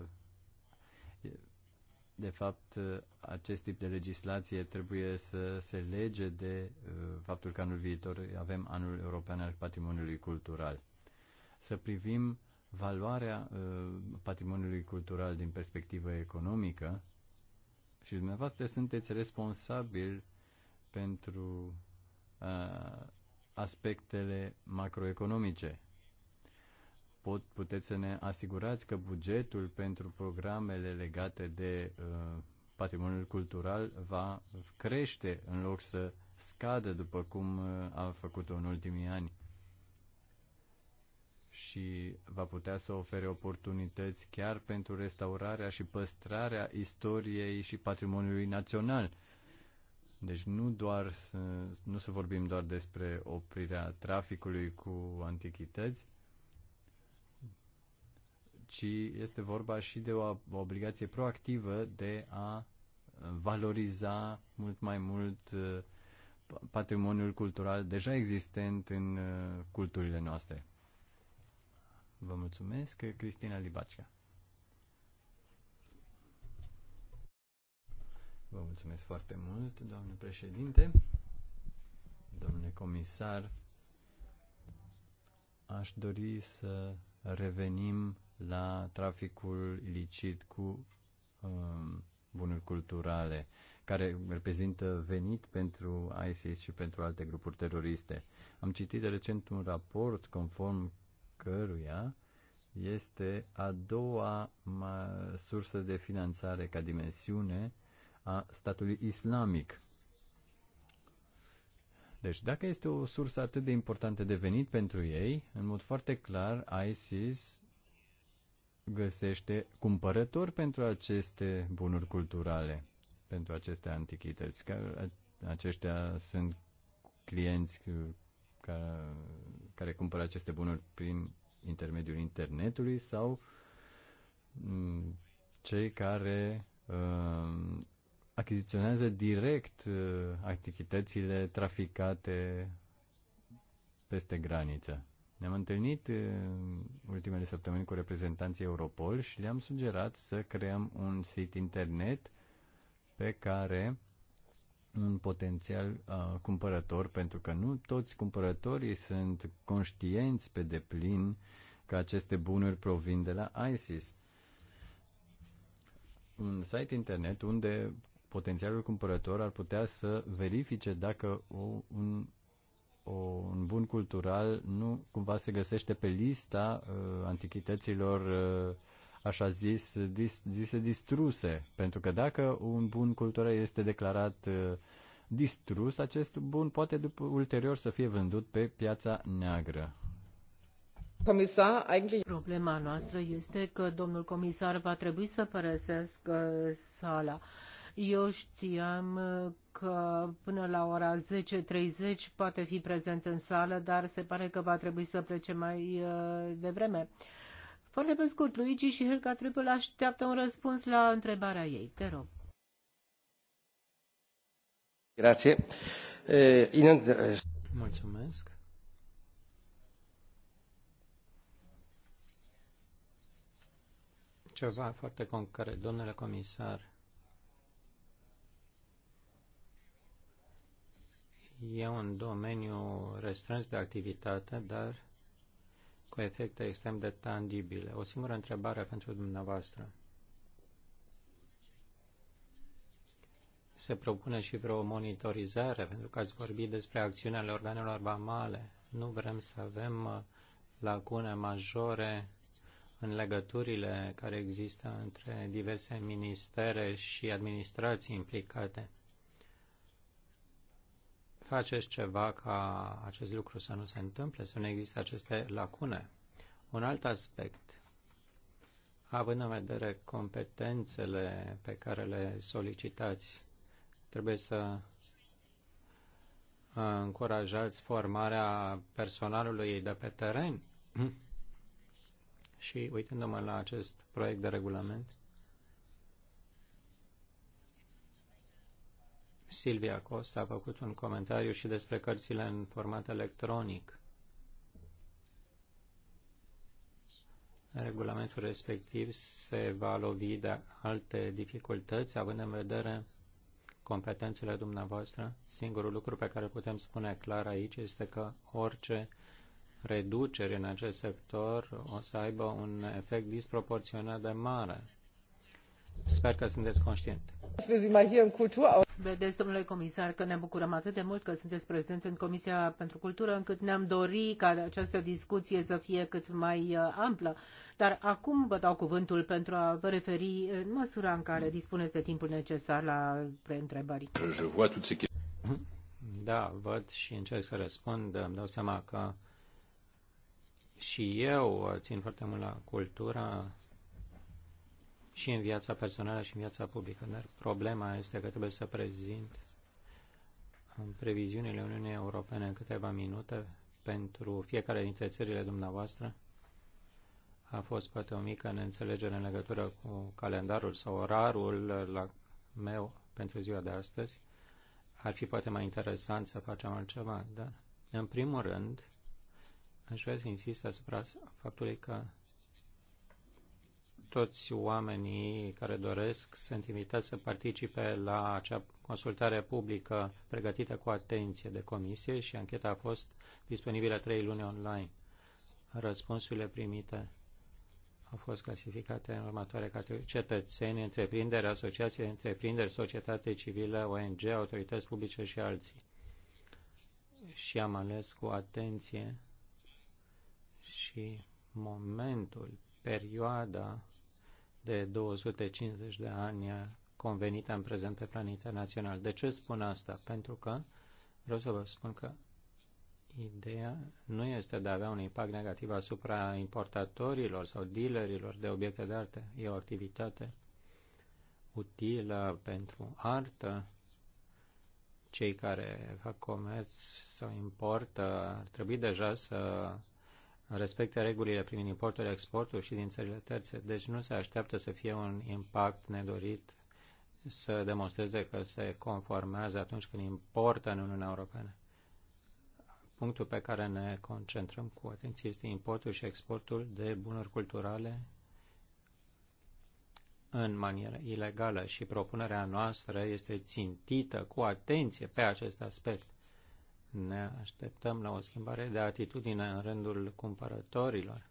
de fapt acest tip de legislație trebuie să se lege de mm, faptul că anul viitor avem anul european al patrimoniului cultural. Să privim valoarea uh, patrimoniului cultural din perspectivă economică și dumneavoastră sunteți responsabil pentru uh, aspectele macroeconomice. Pot, puteți să ne asigurați că bugetul pentru programele legate de uh, patrimoniul cultural va crește în loc să scadă după cum uh, a făcut-o în ultimii ani și va putea să ofere oportunități chiar pentru restaurarea și păstrarea istoriei și patrimoniului național. Deci nu doar să, nu să vorbim doar despre oprirea traficului cu antichități, ci este vorba și de o obligație proactivă de a valoriza mult mai mult uh, patrimoniul cultural deja existent în uh, culturile noastre. Vă mulțumesc, Cristina Libacica. Vă mulțumesc foarte mult, doamne președinte, domnule comisar. Aș dori să revenim la traficul ilicit cu um, bunuri culturale, care reprezintă venit pentru ISIS și pentru alte grupuri teroriste. Am citit recent un raport conform căruia este a doua sursă de finanțare ca dimensiune a statului islamic. Deci, dacă este o sursă atât de importantă de venit pentru ei, în mod foarte clar, ISIS găsește cumpărători pentru aceste bunuri culturale, pentru aceste antichități. Aceștia sunt clienți ca, care cumpără aceste bunuri prin intermediul internetului sau mm, cei care uh, achiziționează direct uh, activitățile traficate peste graniță. Ne-am întâlnit în uh, ultimele săptămâni cu reprezentanții Europol și le-am sugerat să creăm un sit internet pe care un potențial uh, cumpărător, pentru că nu toți cumpărătorii sunt conștienți pe deplin că aceste bunuri provin de la ISIS. Un site internet unde potențialul cumpărător ar putea să verifice dacă o, un, o, un bun cultural nu cumva se găsește pe lista uh, antichităților uh, așa zis, dis, zise distruse. Pentru că dacă un bun cultural este declarat uh, distrus, acest bun poate după, ulterior să fie vândut pe piața neagră. Comisar, eigentlich... Problema noastră este că domnul comisar va trebui să părăsească sala. Eu știam că până la ora 10.30 poate fi prezent în sală, dar se pare că va trebui să plece mai uh, devreme. Uh, foarte pe scurt, Luigi și Helga Triple așteaptă un răspuns la întrebarea ei. Te rog. Grazie. Eh, Mulțumesc. Ceva foarte concret, domnule comisar. E un domeniu restrâns de activitate, dar cu efecte extrem de tangibile. O singură întrebare pentru dumneavoastră. Se propune și vreo monitorizare, pentru că ați vorbit despre acțiunile organelor vamale. Nu vrem să avem uh, lacune majore în legăturile care există între diverse ministere și administrații implicate faceți ceva ca acest lucru să nu se întâmple, să nu există aceste lacune. Un alt aspect, având în vedere competențele pe care le solicitați, trebuie să uh, încurajați formarea personalului de pe teren. Și uitându-mă la acest proiect de regulament, Silvia Costa a făcut un comentariu și despre cărțile în format electronic. Regulamentul respectiv se va lovi de alte dificultăți, având în vedere competențele dumneavoastră. Singurul lucru pe care putem spune clar aici este că orice reduceri în acest sector o să aibă un efect disproporționat de mare. Sper că sunteți conștient. Vedeți, domnule comisar, că ne bucurăm atât de mult că sunteți prezent în Comisia pentru Cultură, încât ne-am dorit ca această discuție să fie cât mai uh, amplă. Dar acum vă dau cuvântul pentru a vă referi uh, în măsura în care dispuneți de timpul necesar la preîntrebări. Mhm. Da, văd și încerc să răspund. Îmi dau seama că și eu țin foarte mult la cultură și în viața personală și în viața publică. Dar problema este că trebuie să prezint în um, previziunile Uniunii Europene în câteva minute pentru fiecare dintre țările dumneavoastră. A fost poate o mică neînțelegere în legătură cu calendarul sau orarul la meu pentru ziua de astăzi. Ar fi poate mai interesant să facem altceva, dar în primul rând aș vrea să insist asupra faptului că toți oamenii care doresc sunt invitați să participe la acea consultare publică pregătită cu atenție de comisie și ancheta a fost disponibilă trei luni online. Răspunsurile primite au fost clasificate în următoare categorii. Cetățeni, întreprinderi, asociații de întreprinderi, societate civilă, ONG, autorități publice și alții. Și am ales cu atenție și momentul, perioada de 250 de ani convenită în prezent pe plan internațional. De ce spun asta? Pentru că vreau să vă spun că ideea nu este de a avea un impact negativ asupra importatorilor sau dealerilor de obiecte de artă. E o activitate utilă pentru artă. Cei care fac comerț sau importă ar trebui deja să respecte regulile privind importul, exportul și din țările terțe, deci nu se așteaptă să fie un impact nedorit să demonstreze că se conformează atunci când importă în Uniunea Europeană. Punctul pe care ne concentrăm cu atenție este importul și exportul de bunuri culturale în manieră ilegală și propunerea noastră este țintită cu atenție pe acest aspect ne așteptăm la o schimbare de atitudine în rândul cumpărătorilor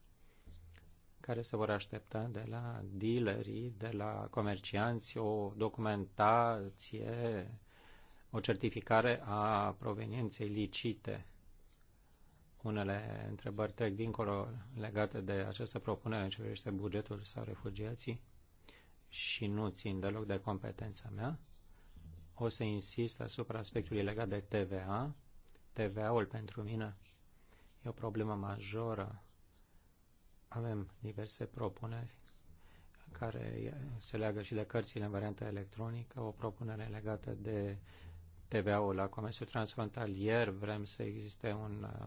care se vor aștepta de la dealerii, de la comercianți, o documentație, o certificare a provenienței licite. Unele întrebări trec dincolo legate de această propunere în ce privește bugetul sau refugiații și nu țin deloc de competența mea. O să insist asupra aspectului legat de TVA, TVA-ul pentru mine e o problemă majoră. Avem diverse propuneri care se leagă și de cărțile în variantă electronică, o propunere legată de TVA-ul la comerțul transfrontalier. Vrem să existe un uh,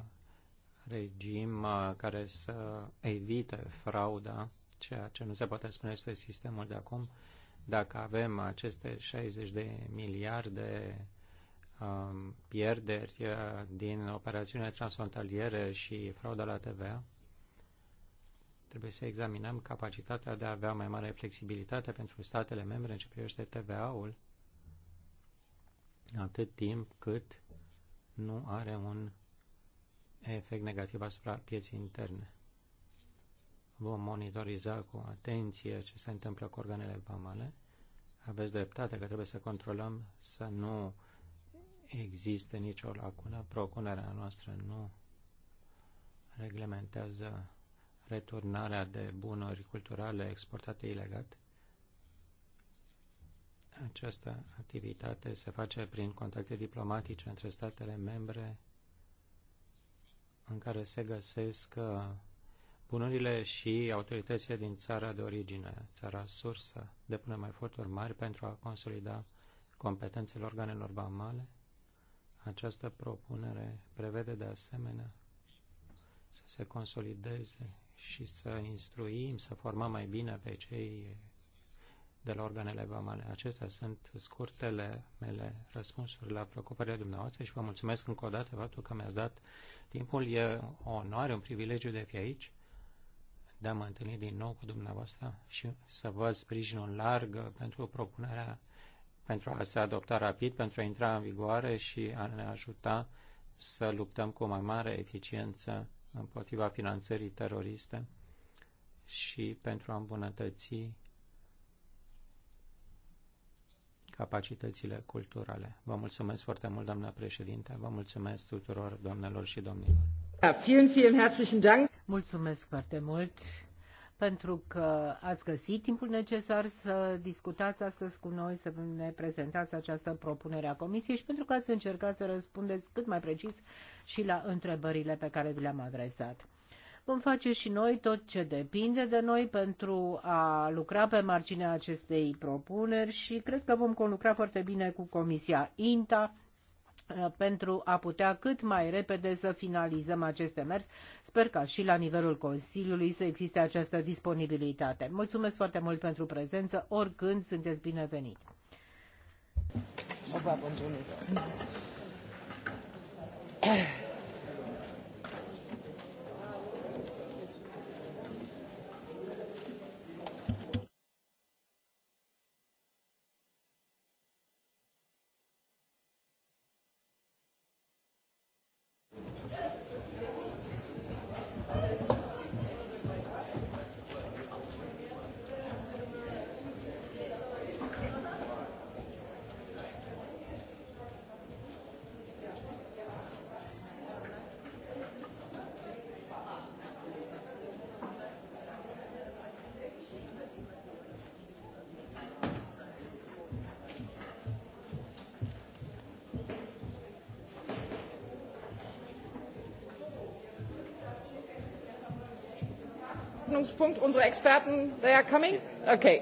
regim uh, care să evite frauda, ceea ce nu se poate spune despre sistemul de acum. Dacă avem aceste 60 de miliarde Um, pierderi uh, din operațiunile transfrontaliere și frauda la TVA, trebuie să examinăm capacitatea de a avea mai mare flexibilitate pentru statele membre în ce privește TVA-ul, atât timp cât nu are un efect negativ asupra pieții interne. Vom monitoriza cu atenție ce se întâmplă cu organele vamale. Aveți dreptate că trebuie să controlăm să nu există nicio lacună. Propunerea noastră nu reglementează returnarea de bunuri culturale exportate ilegal. Această activitate se face prin contacte diplomatice între statele membre în care se găsesc uh, bunurile și autoritățile din țara de origine, țara sursă. Depunem eforturi mari pentru a consolida competențele organelor vamale această propunere prevede de asemenea să se consolideze și să instruim, să formăm mai bine pe cei de la organele vamale. Acestea sunt scurtele mele răspunsuri la preocupările dumneavoastră și vă mulțumesc încă o dată faptul că mi-ați dat timpul. E o onoare, un privilegiu de fi aici, de a mă întâlni din nou cu dumneavoastră și să vă sprijinul larg pentru propunerea pentru a se adopta rapid, pentru a intra în vigoare și a ne ajuta să luptăm cu o mai mare eficiență împotriva finanțării teroriste și pentru a îmbunătăți capacitățile culturale. Vă mulțumesc foarte mult, doamna președinte. Vă mulțumesc tuturor, doamnelor și domnilor. Da, mulțumesc foarte mult pentru că ați găsit timpul necesar să discutați astăzi cu noi, să ne prezentați această propunere a Comisiei și pentru că ați încercat să răspundeți cât mai precis și la întrebările pe care vi le-am adresat. Vom face și noi tot ce depinde de noi pentru a lucra pe marginea acestei propuneri și cred că vom conlucra foarte bine cu Comisia INTA Uh, pentru a putea cât mai repede să finalizăm acest demers. Sper ca și la nivelul Consiliului să existe această disponibilitate. Mulțumesc foarte mult pentru prezență, oricând sunteți binevenit. Au Tagesordnungspunkt. Unsere Experten, they are coming? Okay.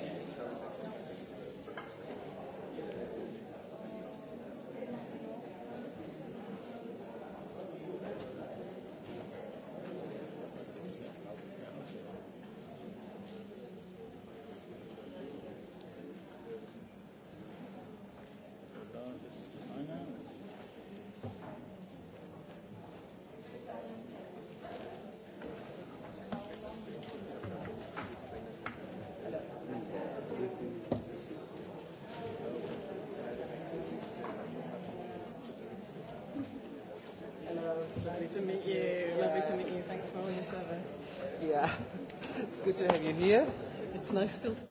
to meet you. Yeah. Lovely to meet you. Thanks for all your service. Yeah, it's good to have you here. It's nice still to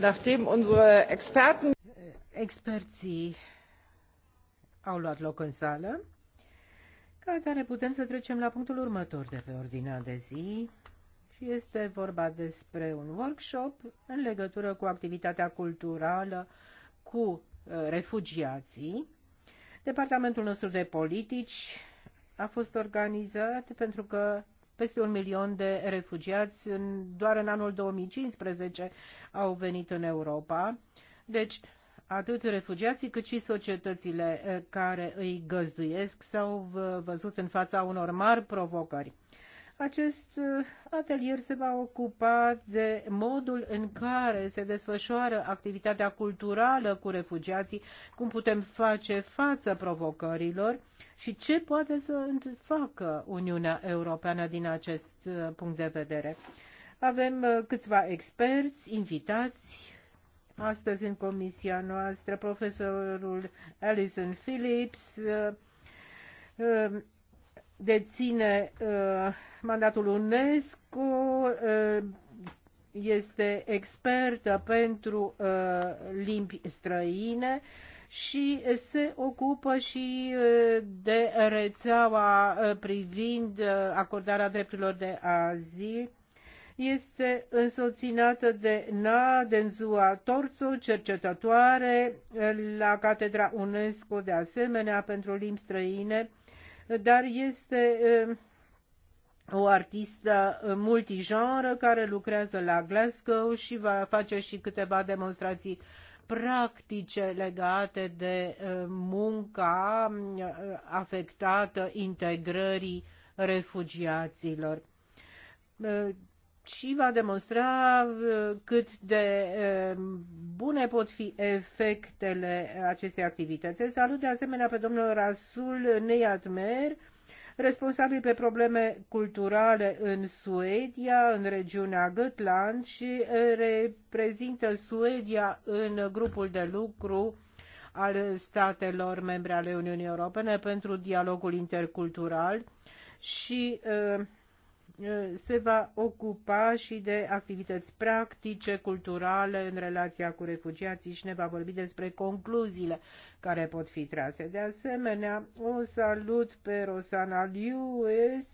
nachdem unsere Experten Experții au luat loc în sală. Ca atare putem să trecem la punctul următor de pe ordinea de zi și este vorba despre un workshop în legătură cu activitatea culturală cu uh, refugiații. Departamentul nostru de politici a fost organizat pentru că peste un milion de refugiați în, doar în anul 2015 au venit în Europa. Deci, atât refugiații cât și societățile eh, care îi găzduiesc s-au văzut în fața unor mari provocări. Acest uh, atelier se va ocupa de modul în care se desfășoară activitatea culturală cu refugiații, cum putem face față provocărilor și ce poate să facă Uniunea Europeană din acest uh, punct de vedere. Avem uh, câțiva experți invitați astăzi în comisia noastră, profesorul Alison Phillips, deține uh, mandatul UNESCO, uh, este expertă pentru uh, limbi străine și se ocupă și de rețeaua privind acordarea drepturilor de azil este însoținată de Nadenzua Torțo, cercetătoare la Catedra UNESCO de asemenea pentru limbi străine dar este um, o artistă multijanră care lucrează la Glasgow și va face și câteva demonstrații practice legate de um, munca um, afectată integrării refugiaților uh, și va demonstra uh, cât de uh, bune pot fi efectele acestei activități. Îl salut de asemenea pe domnul Rasul Neyatmer, responsabil pe probleme culturale în Suedia, în regiunea Gotland și uh, reprezintă Suedia în grupul de lucru al statelor membre ale Uniunii Europene pentru dialogul intercultural și uh, se va ocupa și de activități practice, culturale în relația cu refugiații și ne va vorbi despre concluziile care pot fi trase. De asemenea, o salut pe Rosana Lewis,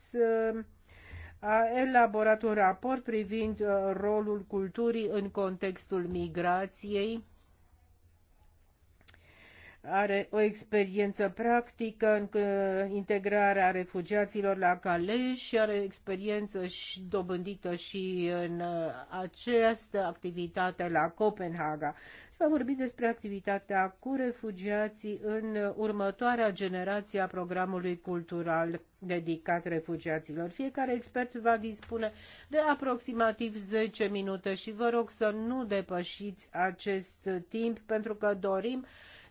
a elaborat un raport privind uh, rolul culturii în contextul migrației are o experiență practică în integrarea refugiaților la Calais și are experiență și dobândită și în uh, această activitate la Copenhaga. Și va vorbi despre activitatea cu refugiații în următoarea generație a programului cultural dedicat refugiaților. Fiecare expert va dispune de aproximativ 10 minute și vă rog să nu depășiți acest timp pentru că dorim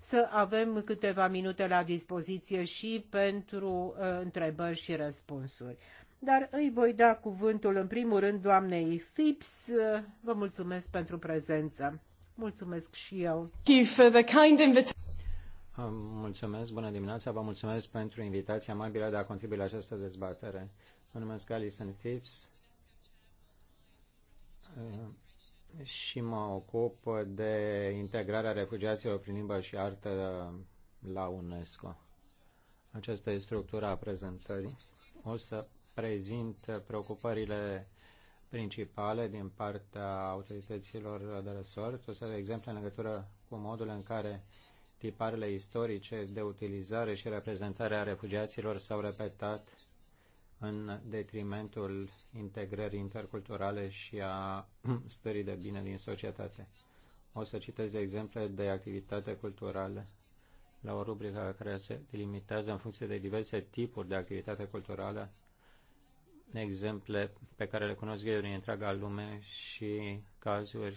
să avem câteva minute la dispoziție și pentru uh, întrebări și răspunsuri. Dar îi voi da cuvântul în primul rând doamnei Fips. Uh, vă mulțumesc pentru prezență. Mulțumesc și eu. Mulțumesc, bună dimineața, vă mulțumesc pentru invitația amabilă de a contribui la această dezbatere. Mă numesc Alison Fips și mă ocup de integrarea refugiaților prin limbă și artă la UNESCO. Aceasta e structura prezentării. O să prezint preocupările principale din partea autorităților de resort. O să dau exemple în legătură cu modul în care tiparele istorice de utilizare și reprezentare a refugiaților s-au repetat în detrimentul integrării interculturale și a stării de bine din societate. O să citez exemple de activitate culturală la o rubrică care se delimitează în funcție de diverse tipuri de activitate culturală, exemple pe care le cunosc eu din întreaga lume și cazuri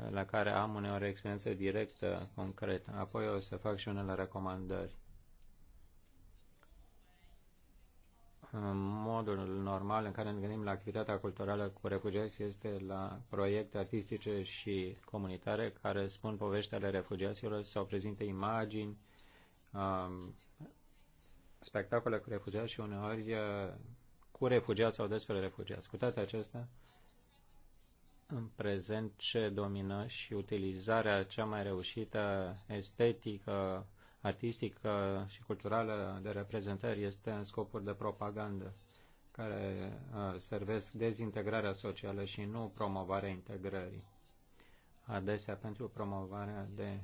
uh, la care am uneori experiență directă, concretă. Apoi o să fac și unele recomandări. modul normal în care ne gândim la activitatea culturală cu refugiați este la proiecte artistice și comunitare care spun povești ale refugiaților sau prezintă imagini, um, spectacole cu refugiați și uneori uh, cu refugiați sau despre refugiați. Cu toate acestea, în prezent ce domină și utilizarea cea mai reușită estetică artistică și culturală de reprezentări este în scopuri de propagandă, care uh, servesc dezintegrarea socială și nu promovarea integrării. Adesea, pentru promovarea de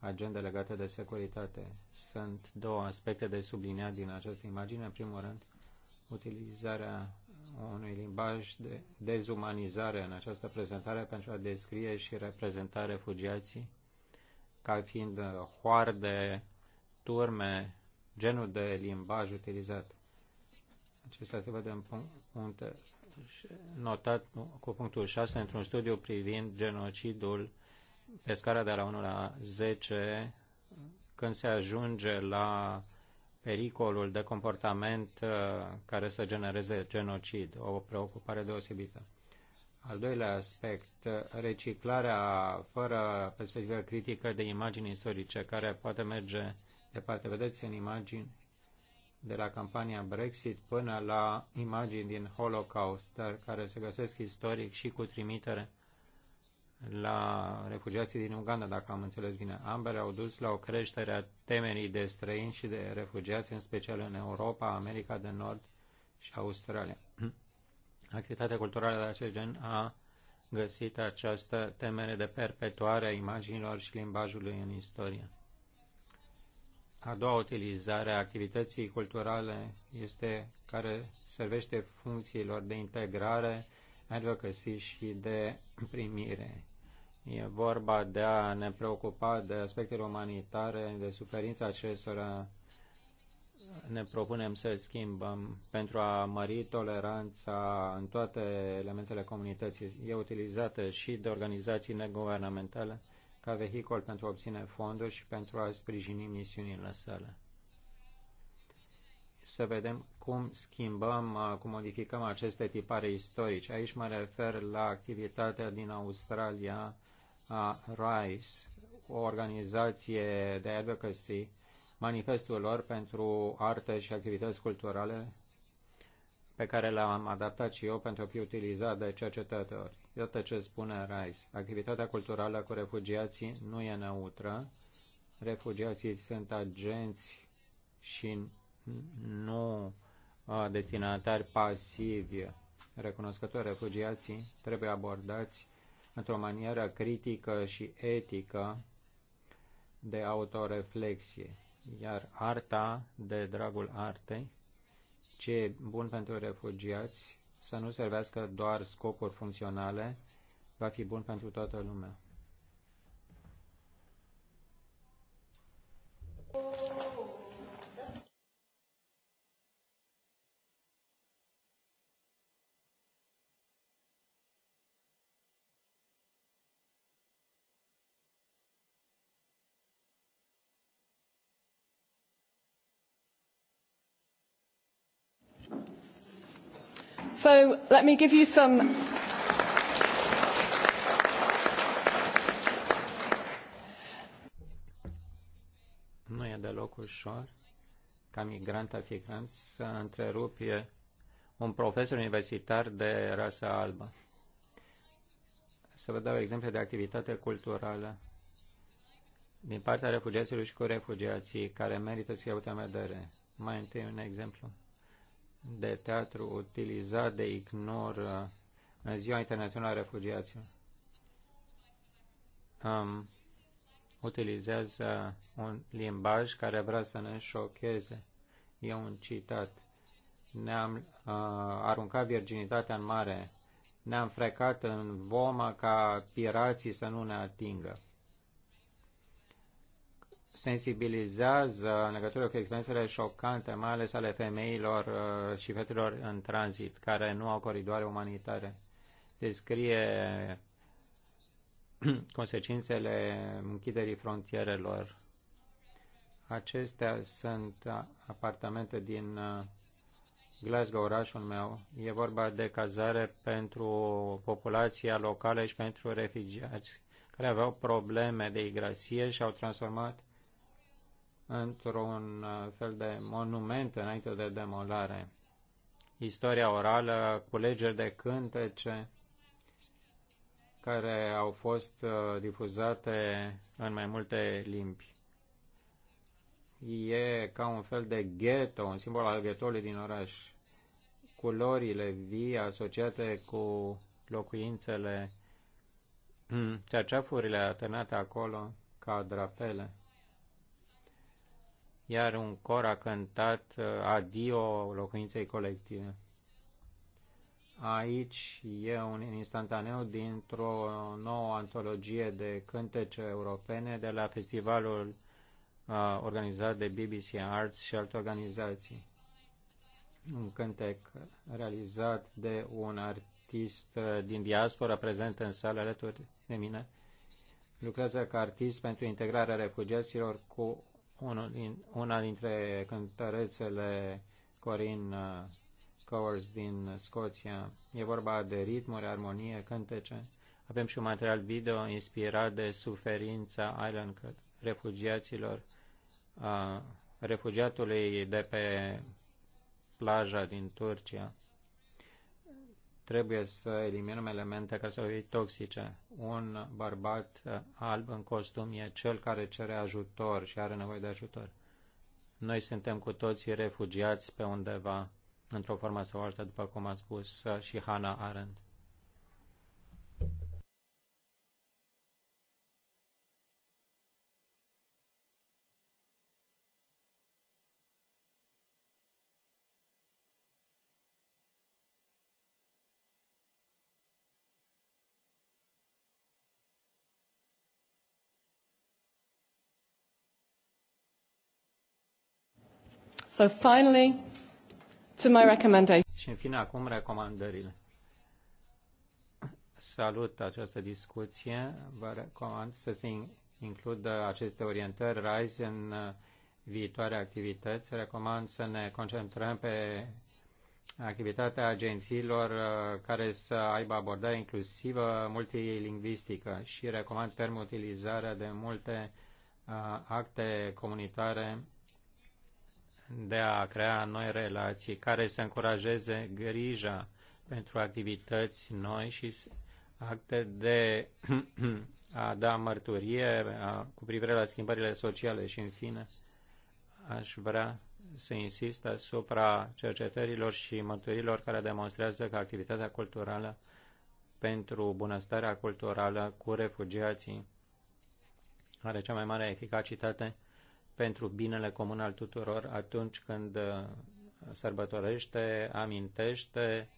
agende legate de securitate, sunt două aspecte de subliniat din această imagine. În primul rând, utilizarea unui limbaj de dezumanizare în această prezentare pentru a descrie și reprezenta refugiații ca fiind hoarde turme, genul de limbaj utilizat. Acesta se vede în punct, notat cu punctul 6 într-un studiu privind genocidul pe scara de la 1 la 10 când se ajunge la pericolul de comportament uh, care să genereze genocid, o preocupare deosebită. Al doilea aspect, uh, reciclarea fără perspectivă critică de imagini istorice, care poate merge de parte, Vedeți în imagini de la campania Brexit până la imagini din Holocaust, dar care se găsesc istoric și cu trimitere la refugiații din Uganda, dacă am înțeles bine. Ambele au dus la o creștere a temerii de străini și de refugiați, în special în Europa, America de Nord și Australia. Activitatea culturală de acest gen a găsit această temere de perpetuare a imaginilor și limbajului în istorie. A doua utilizare a activității culturale este care servește funcțiilor de integrare, advocacy și de primire. E vorba de a ne preocupa de aspectele umanitare, de suferința acestora. Ne propunem să schimbăm pentru a mări toleranța în toate elementele comunității. E utilizată și de organizații neguvernamentale ca vehicol pentru a obține fonduri și pentru a sprijini misiunile sale. Să vedem cum schimbăm, uh, cum modificăm aceste tipare istorice. Aici mă refer la activitatea din Australia a RISE, o organizație de advocacy, manifestul lor pentru arte și activități culturale pe care l-am adaptat și eu pentru a fi utilizat de cercetători. Iată ce spune Rice. Activitatea culturală cu refugiații nu e neutră. Refugiații sunt agenți și nu uh, destinatari pasivi. Recunoscători refugiații trebuie abordați într-o manieră critică și etică de autoreflexie, iar arta, de dragul artei, ce e bun pentru refugiați să nu servească doar scopuri funcționale, va fi bun pentru toată lumea. So let me give you some Nu e deloc ușor ca migrant african să întrerupi un profesor universitar de rasă albă. Să vă dau exemple de activitate culturală din partea refugiaților și cu refugiații care merită să fie avute în vedere. Mai întâi un exemplu de teatru utilizat de IGNOR uh, în Ziua Internațională a Refugiaților. Um, utilizează un limbaj care vrea să ne șocheze. E un citat. Ne-am uh, aruncat virginitatea în mare. Ne-am frecat în vomă ca pirații să nu ne atingă sensibilizează în legătură cu experiențele șocante, mai ales ale femeilor uh, și fetelor în tranzit, care nu au coridoare umanitare. Descrie consecințele închiderii frontierelor. Acestea sunt uh, apartamente din uh, Glasgow, orașul meu. E vorba de cazare pentru populația locală și pentru refugiați care aveau probleme de igrasie și au transformat într-un uh, fel de monument înainte de demolare. Istoria orală, culegeri de cântece care au fost uh, difuzate în mai multe limbi. E ca un fel de ghetto, un simbol al ghettoului din oraș. Culorile vii asociate cu locuințele, ceaceafurile atenate acolo ca drapele iar un cor a cântat uh, adio locuinței colective. Aici e un instantaneu dintr-o nouă antologie de cântece europene de la festivalul uh, organizat de BBC Arts și alte organizații. Un cântec realizat de un artist uh, din diaspora prezent în sală alături de mine. Lucrează ca artist pentru integrarea refugiaților cu unul din, una dintre cântărețele Corin uh, Cowers din Scoția. E vorba de ritmuri, armonie, cântece. Avem și un material video inspirat de suferința Island Cut, refugiaților, a uh, refugiatului de pe plaja din Turcia trebuie să eliminăm elemente care să fie toxice. Un bărbat uh, alb în costum e cel care cere ajutor și are nevoie de ajutor. Noi suntem cu toții refugiați pe undeva, într-o formă sau alta, după cum a spus uh, și Hannah Arendt. So finally, to my recommendation. Și în fine, acum recomandările. Salut această discuție. Vă recomand să se includă aceste orientări RISE în uh, viitoare activități. Recomand să ne concentrăm pe activitatea agențiilor uh, care să aibă abordare inclusivă multilingvistică și recomand ferm utilizarea de multe uh, acte comunitare de a crea noi relații care să încurajeze grija pentru activități noi și acte de a da mărturie a, cu privire la schimbările sociale și, în fine, aș vrea să insist asupra cercetărilor și mărturilor care demonstrează că activitatea culturală pentru bunăstarea culturală cu refugiații are cea mai mare eficacitate pentru binele comun al tuturor atunci când uh, sărbătorește, amintește,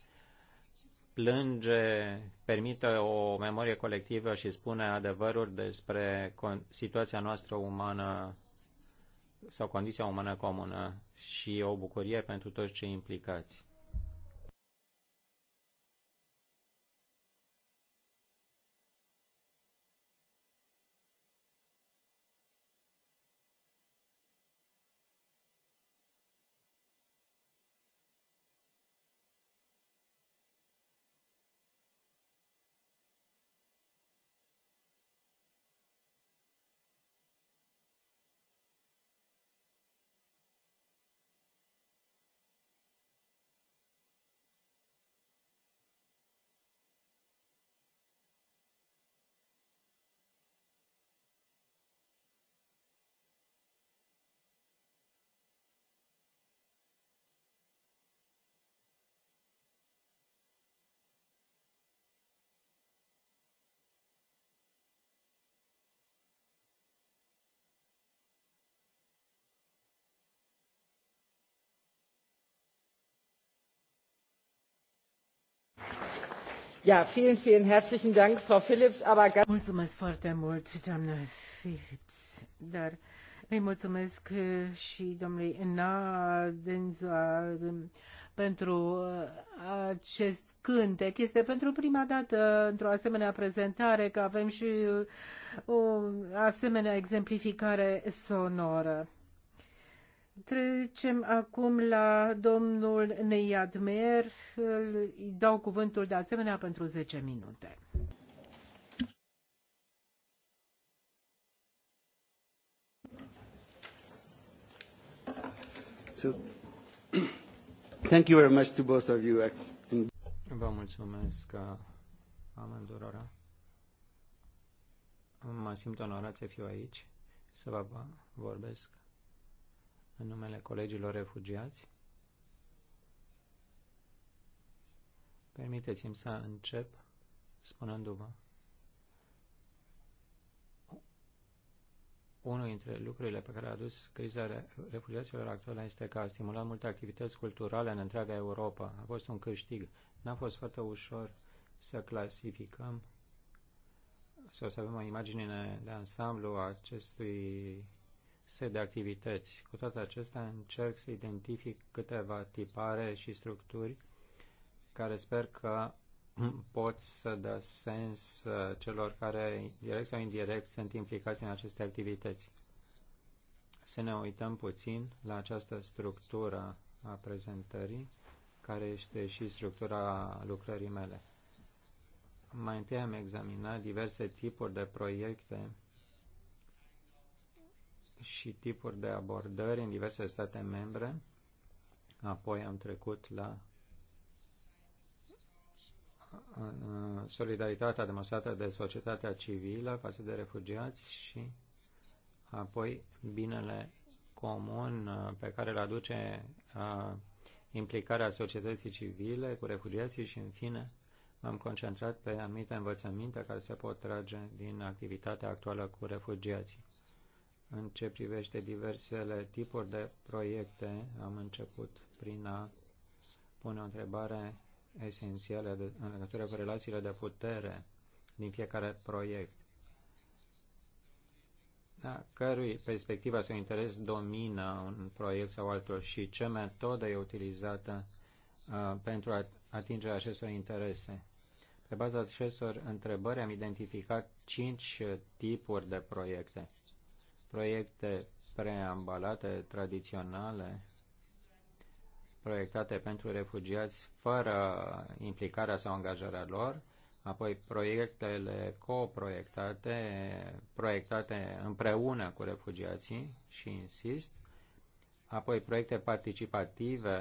plânge, permite o memorie colectivă și spune adevăruri despre situația noastră umană sau condiția umană comună și o bucurie pentru toți cei implicați. vielen, vielen herzlichen Dank, Frau Aber Mulțumesc foarte mult, doamnă Phillips. Dar îi mulțumesc și domnului Nadenzoa um, pentru uh, acest cântec. Este pentru prima dată într-o asemenea prezentare că avem și uh, o asemenea exemplificare sonoră. Trecem acum la domnul Neiad Mer. Îi dau cuvântul de asemenea pentru 10 minute. So, thank you very much to both of you. Vă mulțumesc uh, amândurora. Mă simt onorat să fiu aici, să vă vorbesc în numele colegilor refugiați. Permiteți-mi să încep spunându-vă unul dintre lucrurile pe care a adus criza refugiaților actuală este că a stimulat multe activități culturale în întreaga Europa. A fost un câștig. N-a fost foarte ușor să clasificăm sau să avem o imagine de ansamblu a acestui set de activități. Cu toate acestea, încerc să identific câteva tipare și structuri care sper că pot să dă sens uh, celor care, direct sau indirect, sunt implicați în aceste activități. Să ne uităm puțin la această structură a prezentării, care este și structura lucrării mele. Mai întâi am examinat diverse tipuri de proiecte și tipuri de abordări în diverse state membre. Apoi am trecut la uh, solidaritatea demonstrată de societatea civilă față de refugiați și apoi binele comun uh, pe care îl aduce uh, implicarea societății civile cu refugiații și, în fine, m-am concentrat pe anumite învățăminte care se pot trage din activitatea actuală cu refugiații. În ce privește diversele tipuri de proiecte, am început prin a pune o întrebare esențială de, în legătură cu relațiile de putere din fiecare proiect. Da, cărui perspectiva sau interes domină un proiect sau altul și ce metodă e utilizată uh, pentru a atingerea acestor interese. Pe baza acestor întrebări am identificat cinci tipuri de proiecte proiecte preambalate, tradiționale, proiectate pentru refugiați fără implicarea sau angajarea lor, apoi proiectele coproiectate, proiectate împreună cu refugiații și insist, apoi proiecte participative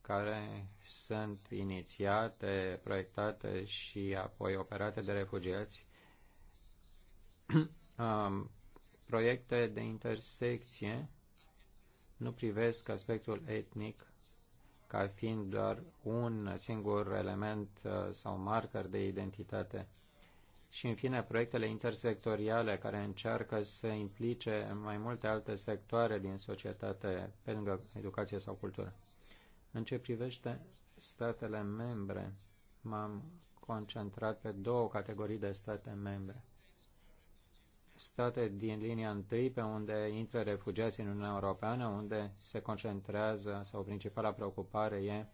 care sunt inițiate, proiectate și apoi operate de refugiați um, proiecte de intersecție nu privesc aspectul etnic ca fiind doar un singur element uh, sau marker de identitate. Și, în fine, proiectele intersectoriale care încearcă să implice mai multe alte sectoare din societate, pe lângă educație sau cultură. În ce privește statele membre, m-am concentrat pe două categorii de state membre state din linia întâi pe unde intră refugiații în Uniunea Europeană, unde se concentrează sau principala preocupare e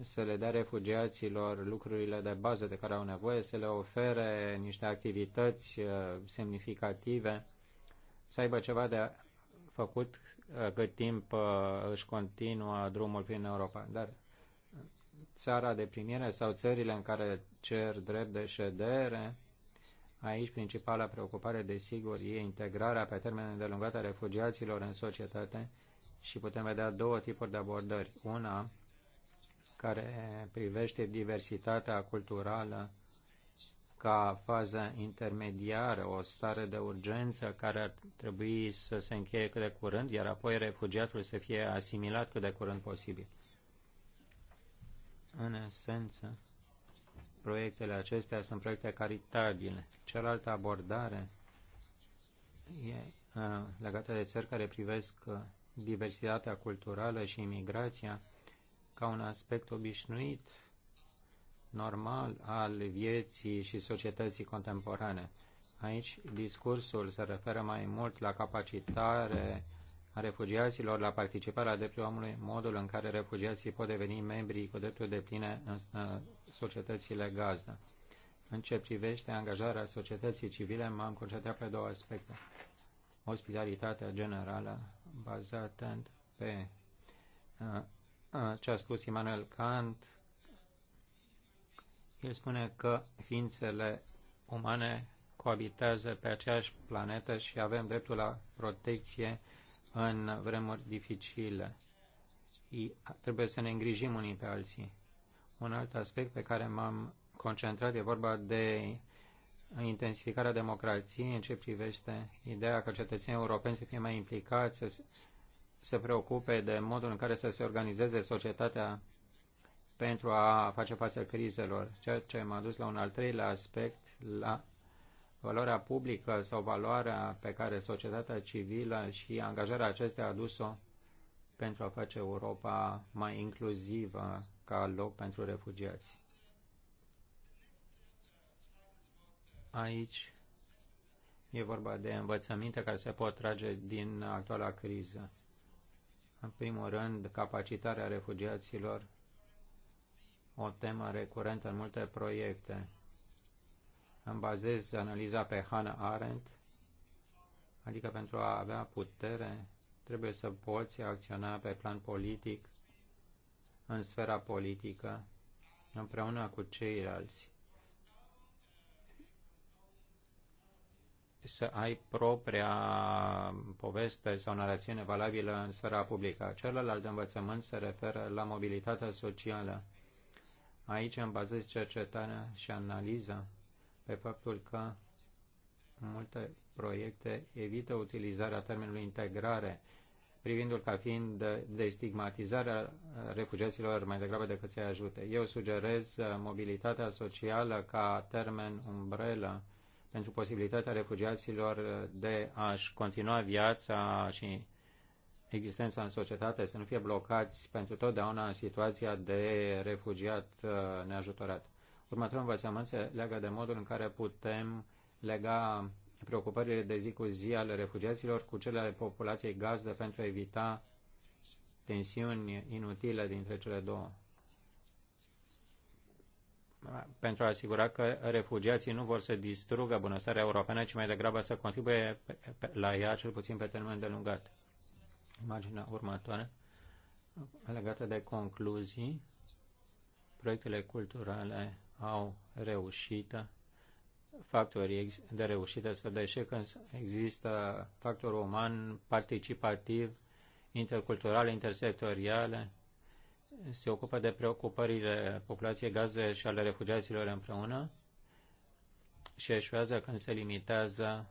să le dea refugiaților lucrurile de bază de care au nevoie, să le ofere niște activități uh, semnificative, să aibă ceva de făcut uh, cât timp uh, își continuă drumul prin Europa. Dar țara de primire sau țările în care cer drept de ședere Aici, principala preocupare, desigur, e integrarea pe termen îndelungat a refugiaților în societate și putem vedea două tipuri de abordări. Una care privește diversitatea culturală ca fază intermediară, o stare de urgență care ar trebui să se încheie cât de curând, iar apoi refugiatul să fie asimilat cât de curând posibil. În esență, proiectele acestea sunt proiecte caritabile. Cealaltă abordare e legată de țări care privesc diversitatea culturală și imigrația ca un aspect obișnuit, normal al vieții și societății contemporane. Aici discursul se referă mai mult la capacitare, a refugiaților la participarea dreptului omului, modul în care refugiații pot deveni membri cu drepturi de pline în societățile gazdă. În ce privește angajarea societății civile, m-am concentrat pe două aspecte. Ospitalitatea generală, bazată pe ce a spus Immanuel Kant, el spune că ființele umane coabitează pe aceeași planetă și avem dreptul la protecție în vremuri dificile. Trebuie să ne îngrijim unii pe alții. Un alt aspect pe care m-am concentrat e vorba de intensificarea democrației în ce privește ideea că cetățenii europeni să fie mai implicați, să se preocupe de modul în care să se organizeze societatea pentru a face față crizelor, ceea ce m-a dus la un al treilea aspect, la valoarea publică sau valoarea pe care societatea civilă și angajarea acestea a adus-o pentru a face Europa mai inclusivă ca loc pentru refugiați. Aici e vorba de învățăminte care se pot trage din actuala criză. În primul rând, capacitarea refugiaților, o temă recurentă în multe proiecte îmi bazez analiza pe Hannah Arendt, adică pentru a avea putere trebuie să poți acționa pe plan politic, în sfera politică, împreună cu ceilalți. să ai propria poveste sau narațiune valabilă în sfera publică. Celălalt învățământ se referă la mobilitatea socială. Aici îmi bazez cercetarea și analiza pe faptul că multe proiecte evită utilizarea termenului integrare, privindu-l ca fiind de stigmatizarea refugiaților mai degrabă decât să-i ajute. Eu sugerez uh, mobilitatea socială ca termen umbrelă pentru posibilitatea refugiaților uh, de a-și continua viața și existența în societate, să nu fie blocați pentru totdeauna în situația de refugiat uh, neajutorat. Următorul învățământ se leagă de modul în care putem lega preocupările de zi cu zi ale refugiaților cu cele ale populației gazdă pentru a evita tensiuni inutile dintre cele două. Pentru a asigura că refugiații nu vor să distrugă bunăstarea europeană, ci mai degrabă să contribuie la ea, cel puțin pe termen de lungat. Imaginea următoare, legată de concluzii, proiectele culturale au reușită, factorii de reușită să deși când există factor uman, participativ, interculturale, intersectoriale, se ocupă de preocupările populației gaze și ale refugiaților împreună și eșuează când se limitează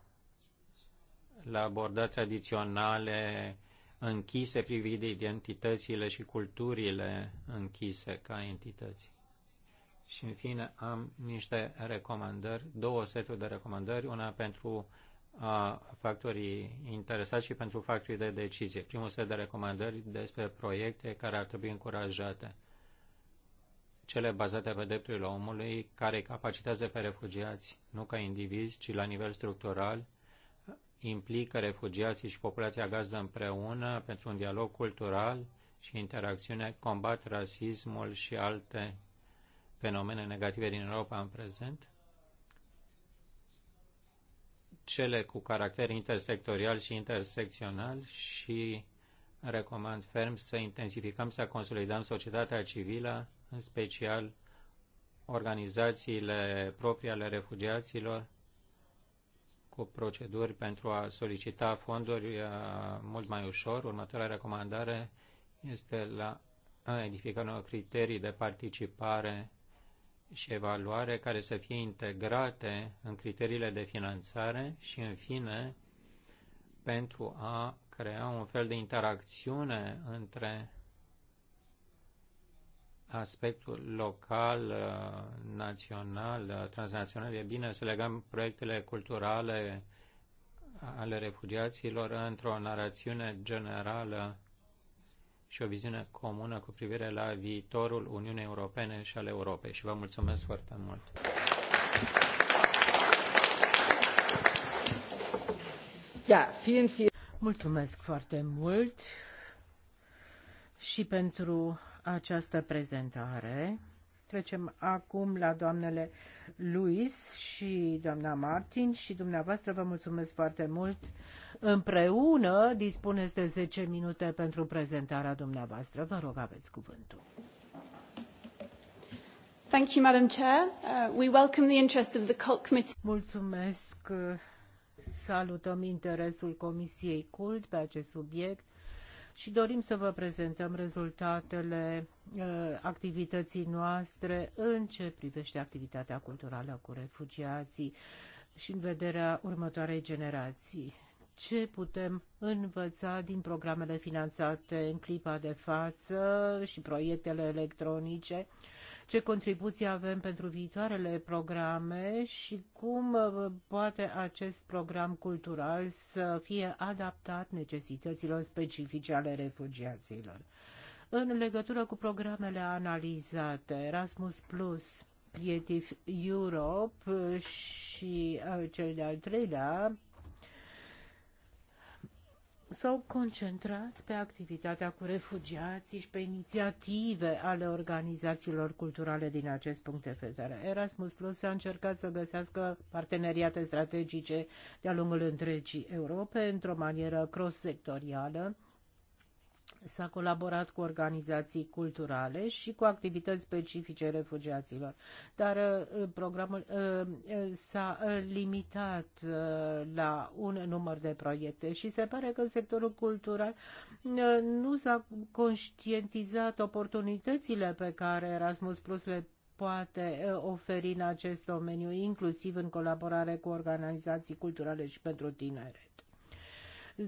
la abordări tradiționale închise privind identitățile și culturile închise ca entități. Și în fine am niște recomandări, două seturi de recomandări, una pentru a factorii interesați și pentru factorii de decizie. Primul set de recomandări despre proiecte care ar trebui încurajate. Cele bazate pe drepturile omului, care capacitează pe refugiați, nu ca indivizi, ci la nivel structural, implică refugiații și populația gazdă împreună pentru un dialog cultural și interacțiune, combat rasismul și alte fenomene negative din Europa în prezent, cele cu caracter intersectorial și intersecțional și recomand ferm să intensificăm, să consolidăm societatea civilă, în special organizațiile proprii ale refugiaților, cu proceduri pentru a solicita fonduri uh, mult mai ușor. Următoarea recomandare este la edificarea unor criterii de participare și evaluare care să fie integrate în criteriile de finanțare și, în fine, pentru a crea un fel de interacțiune între aspectul local, național, transnațional. E bine să legăm proiectele culturale ale refugiaților într-o narațiune generală și o viziune comună cu privire la viitorul Uniunii Europene și al Europei. Și vă mulțumesc foarte mult! Ja, vielen, vielen. Mulțumesc foarte mult și pentru această prezentare. Trecem acum la doamnele Luis și doamna Martin și dumneavoastră vă mulțumesc foarte mult. Împreună dispuneți de 10 minute pentru prezentarea dumneavoastră. Vă rog, aveți cuvântul. Thank you, Madam Chair. Uh, we welcome the interest of the CULT Committee. Mulțumesc. Salutăm interesul Comisiei CULT pe acest subiect și dorim să vă prezentăm rezultatele Uh, activității noastre în ce privește activitatea culturală cu refugiații și în vederea următoarei generații. Ce putem învăța din programele finanțate în clipa de față și proiectele electronice? Ce contribuții avem pentru viitoarele programe și cum uh, poate acest program cultural să fie adaptat necesităților specifice ale refugiaților? în legătură cu programele analizate, Erasmus Plus, Creative Europe și uh, cel de-al treilea s-au concentrat pe activitatea cu refugiații și pe inițiative ale organizațiilor culturale din acest punct de vedere. Erasmus Plus a încercat să găsească parteneriate strategice de-a lungul întregii Europe într-o manieră cross-sectorială S-a colaborat cu organizații culturale și cu activități specifice refugiaților, dar uh, programul uh, uh, s-a limitat la un număr de proiecte și se pare că sectorul cultural nu s-a conștientizat oportunitățile pe care Erasmus Plus le poate oferi în acest domeniu, inclusiv în colaborare cu organizații culturale și pentru tineri.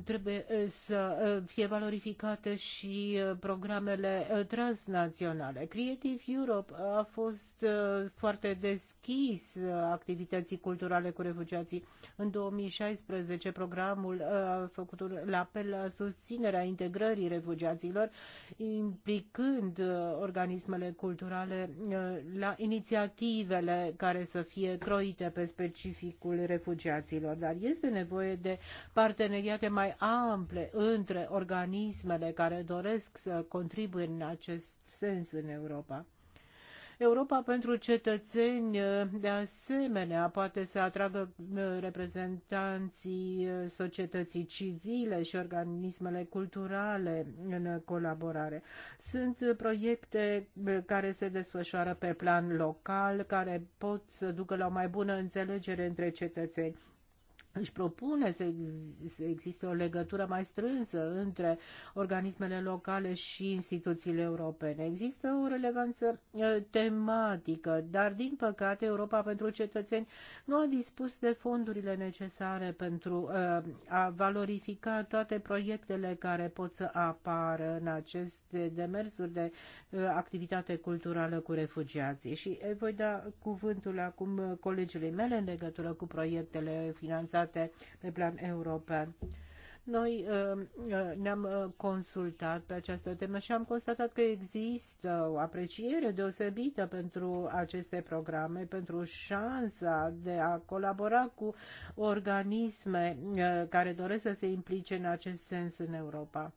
Trebuie să fie valorificate și programele transnaționale. Creative Europe a fost foarte deschis activității culturale cu refugiații. În 2016 programul a făcut un apel la susținerea integrării refugiaților, implicând organismele culturale la inițiativele care să fie croite pe specificul refugiaților. Dar este nevoie de parteneriate mai ample între organismele care doresc să contribuie în acest sens în Europa. Europa pentru cetățeni, de asemenea, poate să atragă uh, reprezentanții uh, societății civile și organismele culturale în colaborare. Sunt proiecte uh, care se desfășoară pe plan local, care pot să ducă la o mai bună înțelegere între cetățeni își propune să, ex- să existe o legătură mai strânsă între organismele locale și instituțiile europene. Există o relevanță uh, tematică, dar din păcate Europa pentru cetățeni nu a dispus de fondurile necesare pentru uh, a valorifica toate proiectele care pot să apară în aceste demersuri de uh, activitate culturală cu refugiații. Și voi da cuvântul acum colegilor mele în legătură cu proiectele finanțate implementate pe plan european. Noi uh, uh, ne-am uh, consultat pe această temă și am constatat că există o apreciere deosebită pentru aceste programe, pentru șansa de a colabora cu organisme care doresc să se implice în acest sens în Europa.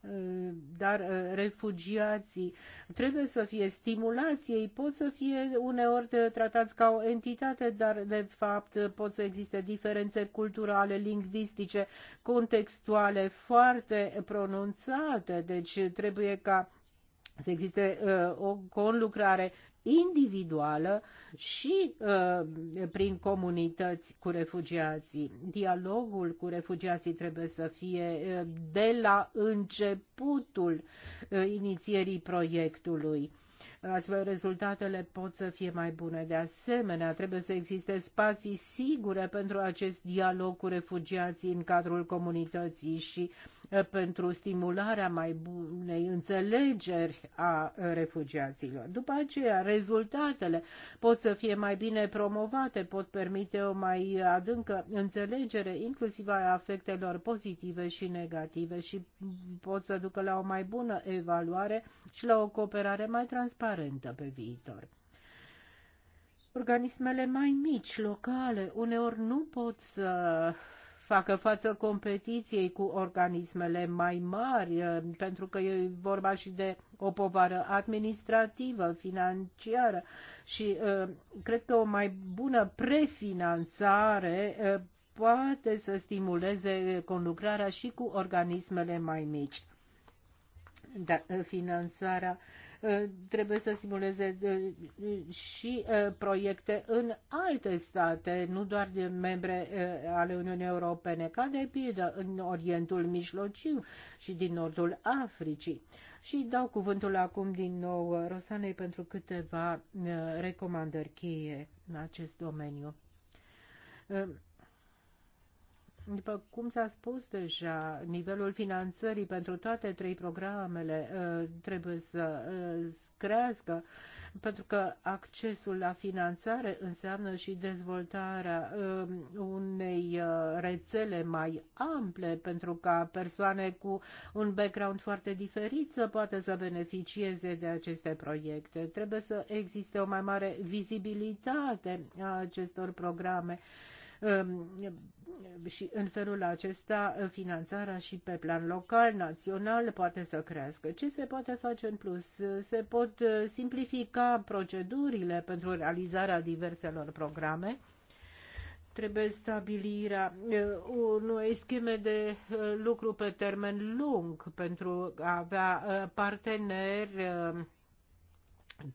Eh, dar eh, refugiații trebuie să fie stimulați, ei pot să fie uneori eh, tratați ca o entitate, dar de fapt pot să existe diferențe culturale, lingvistice, contextuale foarte pronunțate, deci trebuie ca să existe uh, o conlucrare individuală și uh, prin comunități cu refugiații. Dialogul cu refugiații trebuie să fie uh, de la începutul uh, inițierii proiectului astfel rezultatele pot să fie mai bune. De asemenea, trebuie să existe spații sigure pentru acest dialog cu refugiații în cadrul comunității și eh, pentru stimularea mai bunei înțelegeri a eh, refugiaților. După aceea, rezultatele pot să fie mai bine promovate, pot permite o mai adâncă înțelegere, inclusiv a afectelor pozitive și negative și pot să ducă la o mai bună evaluare și la o cooperare mai transparentă transparentă pe viitor. Organismele mai mici, locale, uneori nu pot să facă față competiției cu organismele mai mari, eh, pentru că e vorba și de o povară administrativă, financiară și eh, cred că o mai bună prefinanțare eh, poate să stimuleze conlucrarea și cu organismele mai mici. Da, finanțarea uh, Uh, trebuie să stimuleze uh, și uh, proiecte în alte state, nu doar de membre ale Uniunii Europene, ca de pildă în Orientul Mijlociu și din Nordul Africii. Și dau cuvântul acum din nou Rosanei pentru câteva recomandări cheie în acest domeniu. După cum s-a spus deja, nivelul finanțării pentru toate trei programele uh, trebuie să uh, crească, pentru că accesul la finanțare înseamnă și dezvoltarea uh, unei rețele mai ample, pentru ca persoane cu un background foarte diferit să poată să beneficieze de aceste proiecte. Trebuie să existe o mai mare vizibilitate a acestor programe. Uh, Um, și în felul acesta finanțarea și pe plan local, național poate să crească. Ce se poate face în plus? Se pot uh, simplifica procedurile pentru realizarea diverselor programe trebuie stabilirea uh, unui scheme de uh, lucru pe termen lung pentru a avea parteneri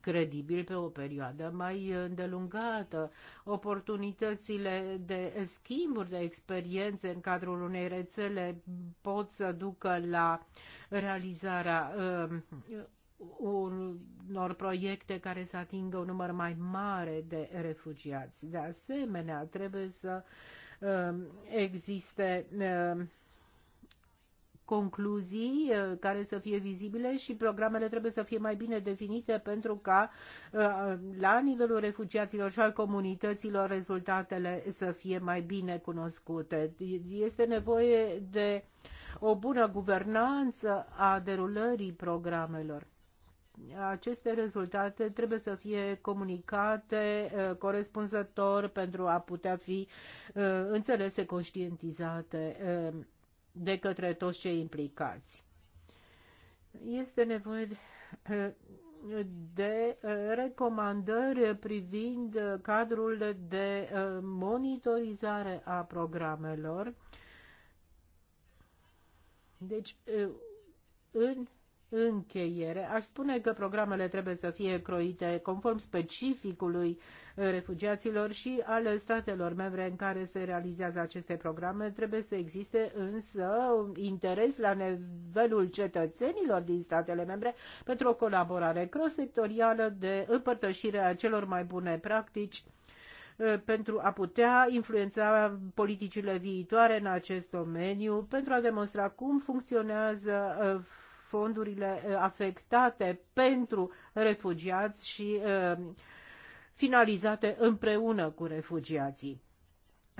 credibil pe o perioadă mai îndelungată. Oportunitățile de schimburi de experiențe în cadrul unei rețele pot să ducă la realizarea uh, unor proiecte care să atingă un număr mai mare de refugiați. De asemenea, trebuie să uh, existe uh, concluzii uh, care să fie vizibile și programele trebuie să fie mai bine definite pentru ca uh, la nivelul refugiaților și al comunităților rezultatele să fie mai bine cunoscute. Este nevoie de o bună guvernanță a derulării programelor. Aceste rezultate trebuie să fie comunicate uh, corespunzător pentru a putea fi înțelese, conștientizate de către toți cei implicați. Este nevoie uh, de, de uh, recomandări privind cadrul de uh, monitorizare a programelor. Deci, în încheiere, aș spune că programele trebuie să fie croite conform specificului refugiaților și ale statelor membre în care se realizează aceste programe. Trebuie să existe însă interes la nivelul cetățenilor din statele membre pentru o colaborare cross-sectorială de împărtășire a celor mai bune practici eh, pentru a putea influența politicile viitoare în acest domeniu, pentru a demonstra cum funcționează eh, fondurile uh, afectate pentru refugiați și uh, finalizate împreună cu refugiații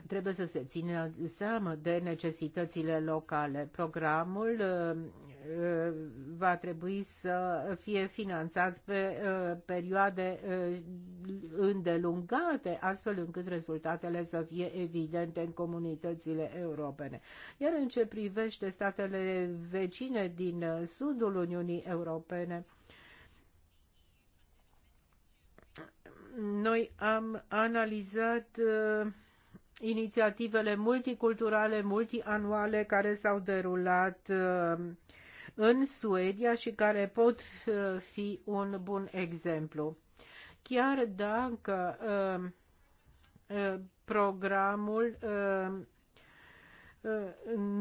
trebuie să se țină seamă de necesitățile locale. Programul uh, uh, va trebui să fie finanțat pe uh, perioade îndelungate, astfel încât rezultatele să fie evidente în comunitățile europene. Iar în ce privește statele vecine din sudul Uniunii Europene, noi am analizat uh, inițiativele multiculturale, multianuale care s-au derulat uh, în Suedia și care pot uh, fi un bun exemplu. Chiar dacă uh, programul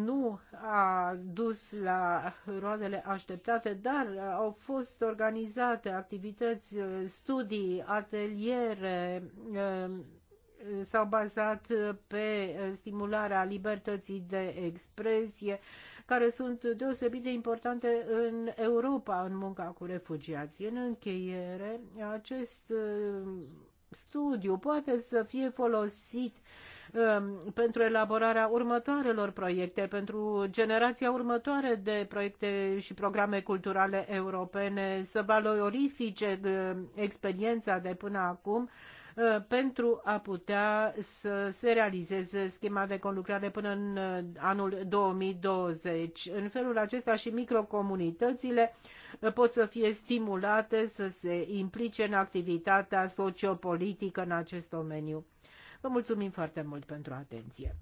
nu a dus la roadele așteptate, dar au fost organizate activități, studii, ateliere, s-au bazat uh, pe uh, stimularea libertății de expresie, care sunt deosebit de importante în Europa în munca cu refugiații. În încheiere, acest uh, studiu poate să fie folosit um, pentru elaborarea următoarelor proiecte, pentru generația următoare de proiecte și programe culturale europene, să valorifice experiența de până acum Uh, pentru a putea să se realizeze schema de conlucrare până în uh, anul 2020. În felul acesta și microcomunitățile uh, pot să fie stimulate să se implice în activitatea sociopolitică în acest domeniu. Vă mulțumim foarte mult pentru atenție.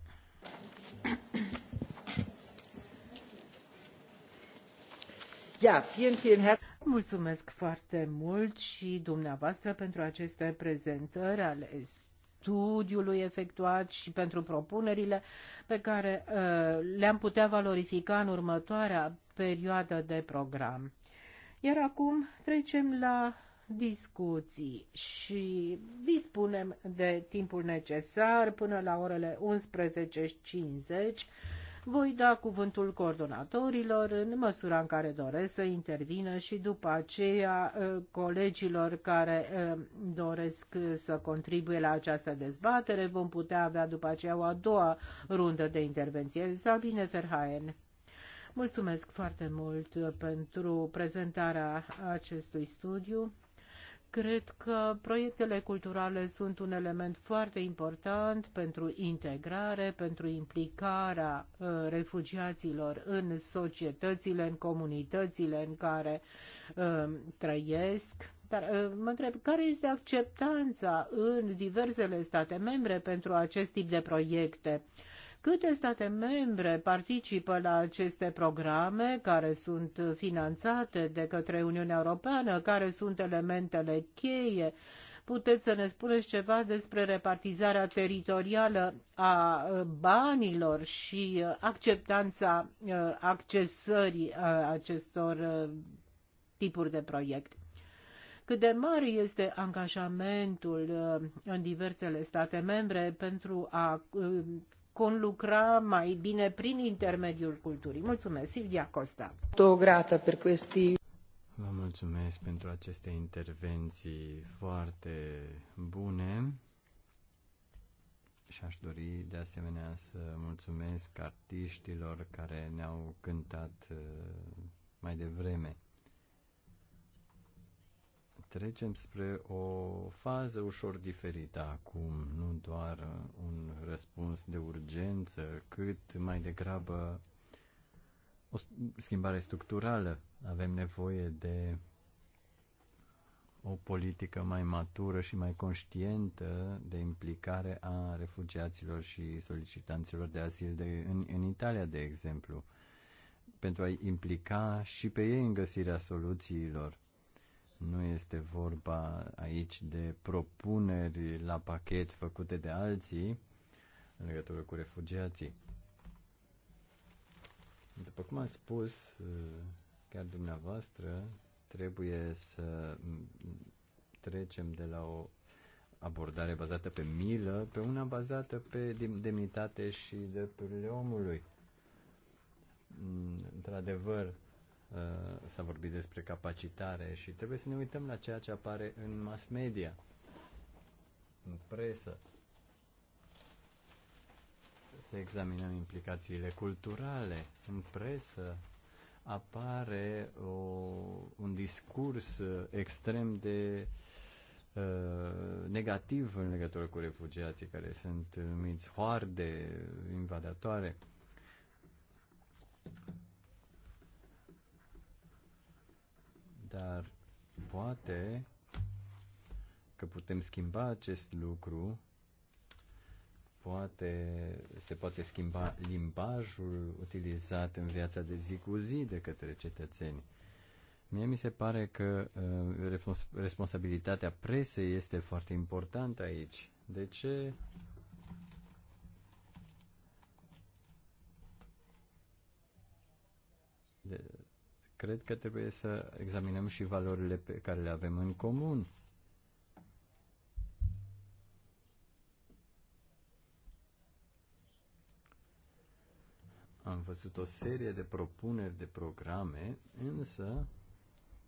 Ja, vielen, vielen Dank. Mulțumesc foarte mult și dumneavoastră pentru aceste prezentări ale studiului efectuat și pentru propunerile pe care uh, le-am putea valorifica în următoarea perioadă de program. Iar acum trecem la discuții și dispunem de timpul necesar până la orele 11.50 voi da cuvântul coordonatorilor în măsura în care doresc să intervină și după aceea ă, colegilor care ă, doresc să contribuie la această dezbatere. Vom putea avea după aceea o a doua rundă de intervenție. Sabine Ferhaen. Mulțumesc foarte mult ă, pentru prezentarea acestui studiu. Cred că proiectele culturale sunt un element foarte important pentru integrare, pentru implicarea uh, refugiaților în societățile, în comunitățile în care uh, trăiesc. Dar uh, mă întreb, care este acceptanța în diversele state membre pentru acest tip de proiecte? Uh, Câte state membre participă la aceste programe care sunt finanțate de către Uniunea Europeană? Care sunt elementele cheie? Puteți să ne spuneți ceva despre repartizarea teritorială a banilor și acceptanța accesării acestor tipuri de proiect? cât de mare este angajamentul în diversele state membre pentru a conlucra mai bine prin intermediul culturii. Mulțumesc, Silvia Costa. O grată per questi... Vă mulțumesc pentru aceste intervenții foarte bune și aș dori de asemenea să mulțumesc artiștilor care ne-au cântat uh, mai devreme trecem spre o fază ușor diferită acum, nu doar un răspuns de urgență, cât mai degrabă o schimbare structurală. Avem nevoie de o politică mai matură și mai conștientă de implicare a refugiaților și solicitanților de azil de, în, în Italia, de exemplu, pentru a implica și pe ei în găsirea soluțiilor nu este vorba aici de propuneri la pachet făcute de alții în legătură cu refugiații. După cum am spus, uh, chiar dumneavoastră, trebuie să trecem de la o abordare bazată pe milă, pe una bazată pe demnitate și drepturile omului. Mm, într-adevăr, Uh, s-a vorbit despre capacitare și trebuie să ne uităm la ceea ce apare în mass media, în presă, să examinăm implicațiile culturale. În presă apare o, un discurs extrem de uh, negativ în legătură cu refugiații care sunt numiți hoarde invadatoare. Dar poate că putem schimba acest lucru, poate se poate schimba limbajul utilizat în viața de zi cu zi de către cetățeni. Mie mi se pare că uh, responsabilitatea presei este foarte importantă aici. De ce de, cred că trebuie să examinăm și valorile pe care le avem în comun. Am văzut o serie de propuneri de programe, însă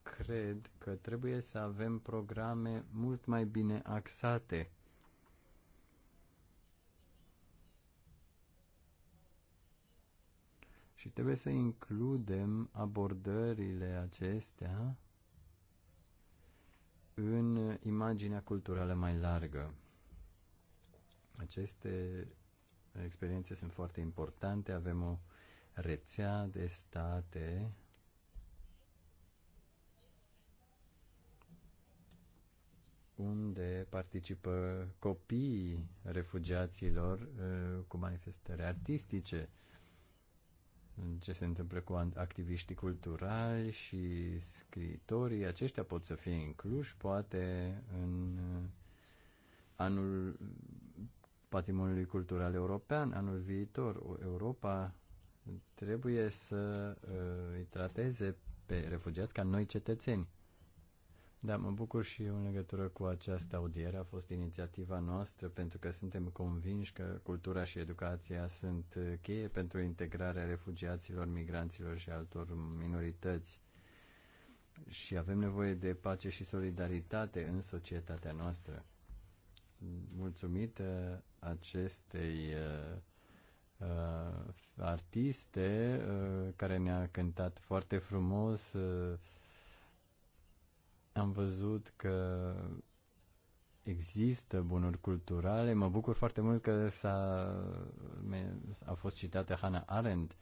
cred că trebuie să avem programe mult mai bine axate Și trebuie să includem abordările acestea în imaginea culturală mai largă. Aceste experiențe sunt foarte importante. Avem o rețea de state unde participă copiii refugiaților uh, cu manifestări artistice ce se întâmplă cu activiștii culturali și scriitorii. Aceștia pot să fie incluși, poate, în uh, anul patrimoniului cultural european, anul viitor. Europa trebuie să uh, îi trateze pe refugiați ca noi cetățeni. Da, mă bucur și eu în legătură cu această audiere. A fost inițiativa noastră pentru că suntem convinși că cultura și educația sunt cheie pentru integrarea refugiaților, migranților și altor minorități. Și avem nevoie de pace și solidaritate în societatea noastră. Mulțumită acestei uh, uh artiste uh, care ne-a cântat foarte frumos uh, am văzut că există bunuri culturale. Mă bucur foarte mult că s-a, a fost citată Hannah Arendt.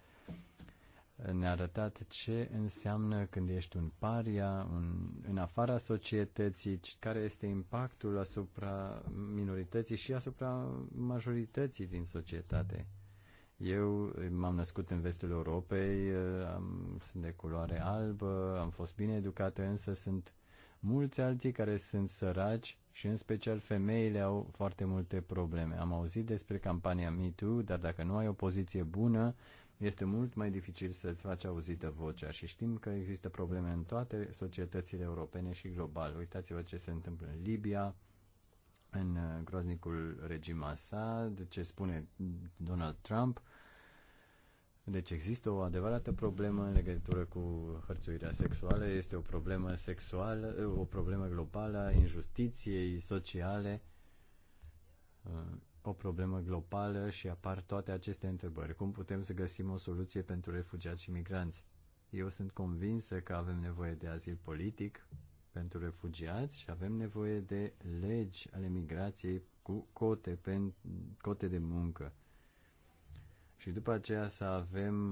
Ne-a arătat ce înseamnă când ești un paria, un, în afara societății, care este impactul asupra minorității și asupra majorității din societate. Eu m-am născut în vestul Europei, am, sunt de culoare albă, am fost bine educată, însă sunt mulți alții care sunt săraci și în special femeile au foarte multe probleme. Am auzit despre campania MeToo, dar dacă nu ai o poziție bună, este mult mai dificil să-ți faci auzită vocea și știm că există probleme în toate societățile europene și global. Uitați-vă ce se întâmplă în Libia, în uh, groaznicul regim Assad, ce spune Donald Trump. Deci există o adevărată problemă în legătură cu hărțuirea sexuală, este o problemă sexuală, o problemă globală a injustiției sociale, o problemă globală și apar toate aceste întrebări. Cum putem să găsim o soluție pentru refugiați și migranți? Eu sunt convinsă că avem nevoie de azil politic pentru refugiați și avem nevoie de legi ale migrației cu cote, pen, cote de muncă și după aceea să avem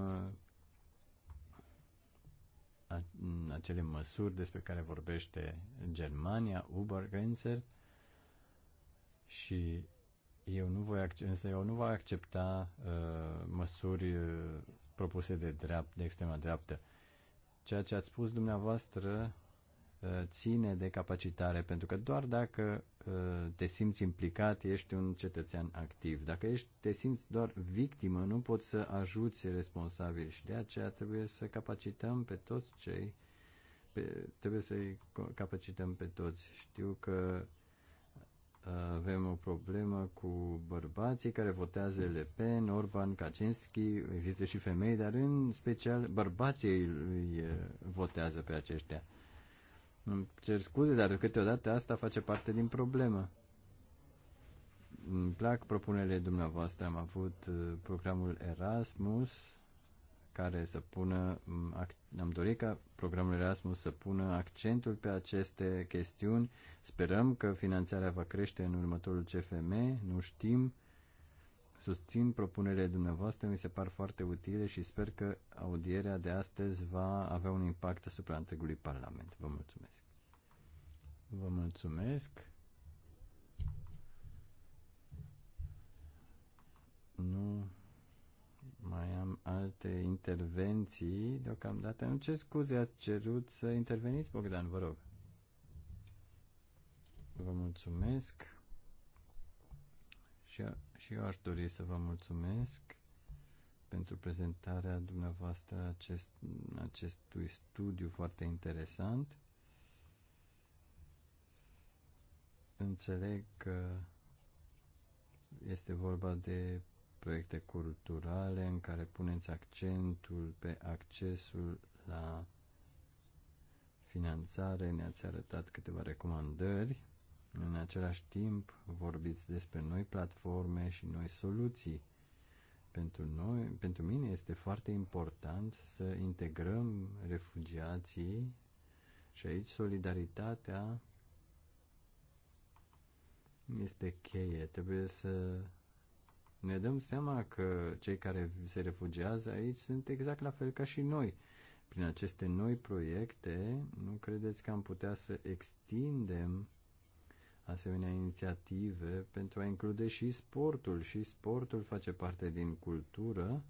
uh, acele măsuri despre care vorbește Germania, Ubergrenzer și eu nu voi, însă eu nu voi accepta uh, măsuri uh, propuse de, dreapt, de extrema dreaptă. Ceea ce ați spus dumneavoastră ține de capacitare, pentru că doar dacă uh, te simți implicat, ești un cetățean activ. Dacă ești, te simți doar victimă, nu poți să ajuți responsabili și de aceea trebuie să capacităm pe toți cei, pe, trebuie să-i capacităm pe toți. Știu că uh, avem o problemă cu bărbații care votează Le Pen, Orban, Kaczynski, există și femei, dar în special bărbații îi uh, votează pe aceștia. Îmi cer scuze, dar câteodată asta face parte din problemă. Îmi plac propunerile dumneavoastră. Am avut uh, programul Erasmus care să pună, mm, am dorit ca programul Erasmus să pună accentul pe aceste chestiuni. Sperăm că finanțarea va crește în următorul CFM, nu știm Susțin propunerile dumneavoastră, mi se par foarte utile și sper că audierea de astăzi va avea un impact asupra întregului Parlament. Vă mulțumesc. Vă mulțumesc. Nu mai am alte intervenții deocamdată. În ce scuze ați cerut să interveniți, Bogdan, vă rog? Vă mulțumesc și, și eu aș dori să vă mulțumesc pentru prezentarea dumneavoastră acest, acestui studiu foarte interesant. Înțeleg că este vorba de proiecte culturale în care puneți accentul pe accesul la finanțare. Ne-ați arătat câteva recomandări în același timp, vorbiți despre noi platforme și noi soluții. Pentru, noi, pentru mine este foarte important să integrăm refugiații și aici solidaritatea este cheie. Trebuie să ne dăm seama că cei care se refugiază aici sunt exact la fel ca și noi. Prin aceste noi proiecte, nu credeți că am putea să extindem asemenea inițiative pentru a include și sportul. Și sportul face parte din cultură.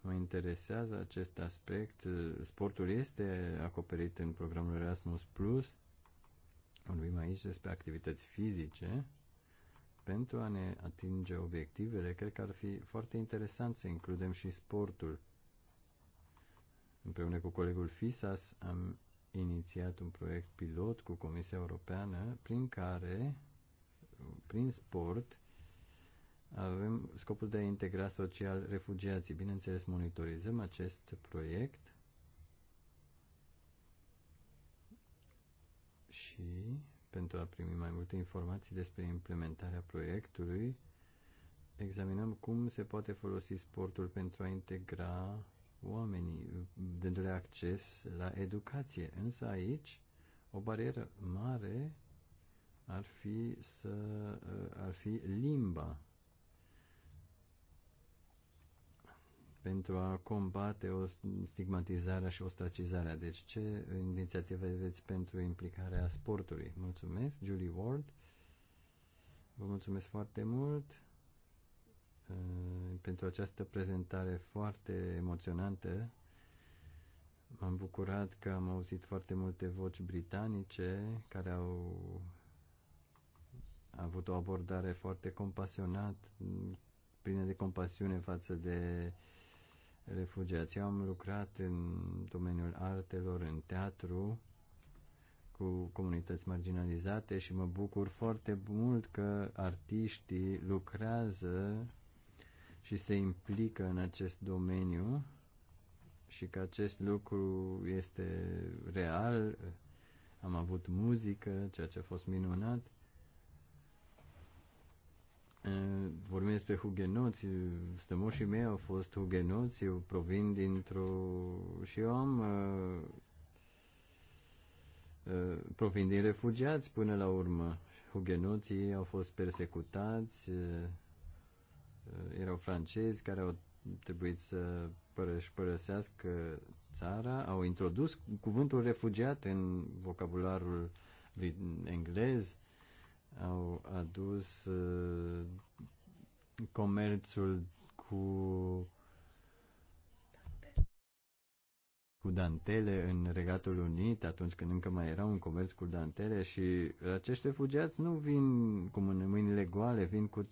Mă interesează acest aspect. Sportul este acoperit în programul Erasmus Plus. Vorbim aici despre activități fizice. Pentru a ne atinge obiectivele, cred că ar fi foarte interesant să includem și sportul. Împreună cu colegul Fisas am inițiat un proiect pilot cu Comisia Europeană prin care, prin sport, avem scopul de a integra social refugiații. Bineînțeles, monitorizăm acest proiect și pentru a primi mai multe informații despre implementarea proiectului, examinăm cum se poate folosi sportul pentru a integra oamenii, dându-le acces la educație. Însă aici, o barieră mare ar fi, să, ar fi limba. pentru a combate o stigmatizarea și ostracizarea. Deci ce inițiative aveți pentru implicarea sportului? Mulțumesc, Julie Ward. Vă mulțumesc foarte mult pentru această prezentare foarte emoționantă. M-am bucurat că am auzit foarte multe voci britanice care au avut o abordare foarte compasionat, plină de compasiune față de refugiați. Eu am lucrat în domeniul artelor, în teatru, cu comunități marginalizate și mă bucur foarte mult că artiștii lucrează și se implică în acest domeniu și că acest lucru este real. Am avut muzică, ceea ce a fost minunat. Eh, vorbim despre hugenoți, stămoșii mei au fost hugenoți, eu provin dintr-o... și eu am... Eh, eh, provin din refugiați până la urmă. Hugenoții au fost persecutați, Eh, erau francezi care au trebuit să părăși, părăsească țara, au introdus cuvântul refugiat în vocabularul englez, au adus eh, comerțul cu cu dantele în Regatul Unit, atunci când încă mai era un comerț cu dantele și acești refugiați nu vin cu mâinile goale, vin cu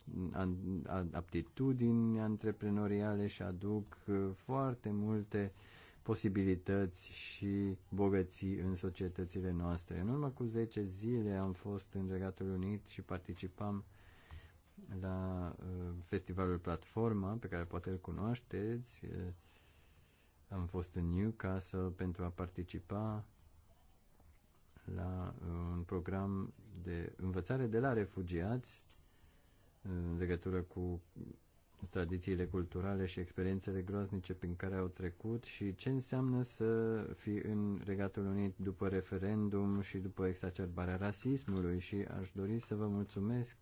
aptitudini antreprenoriale și aduc uh, foarte multe posibilități și bogății în societățile noastre. În urmă cu 10 zile am fost în Regatul Unit și participam la uh, festivalul Platforma, pe care poate îl cunoașteți, uh, am fost în Newcastle pentru a participa la uh, un program de învățare de la refugiați în legătură cu tradițiile culturale și experiențele groaznice prin care au trecut și ce înseamnă să fii în Regatul Unit după referendum și după exacerbarea rasismului și aș dori să vă mulțumesc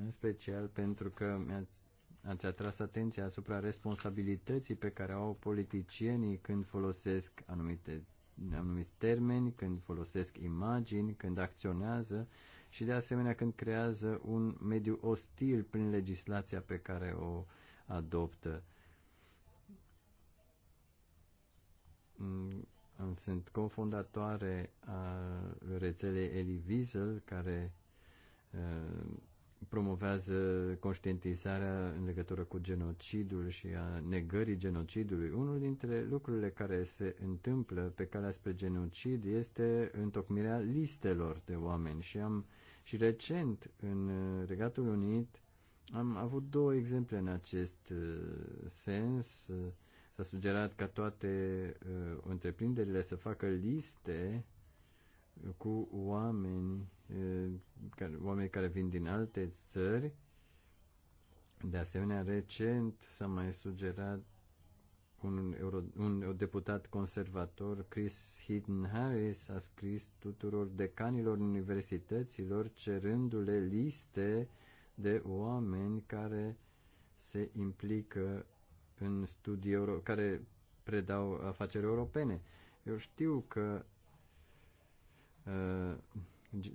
în special pentru că mi-ați Ați atras atenția asupra responsabilității pe care au politicienii când folosesc anumite anumite termeni, când folosesc imagini, când acționează și de asemenea când creează un mediu ostil prin legislația pe care o adoptă. Mm, sunt cofondatoare a rețelei Eli Wiesel, care uh, promovează conștientizarea în legătură cu genocidul și a negării genocidului. Unul dintre lucrurile care se întâmplă pe calea spre genocid este întocmirea listelor de oameni și am și recent în Regatul Unit am avut două exemple în acest uh, sens. S-a sugerat ca toate uh, întreprinderile să facă liste cu oameni Eh, oameni care vin din alte țări. De asemenea, recent s-a mai sugerat un, euro, un deputat conservator, Chris Hidden Harris, a scris tuturor decanilor universităților cerându-le liste de oameni care se implică în studii euro, care predau afaceri europene. Eu știu că uh,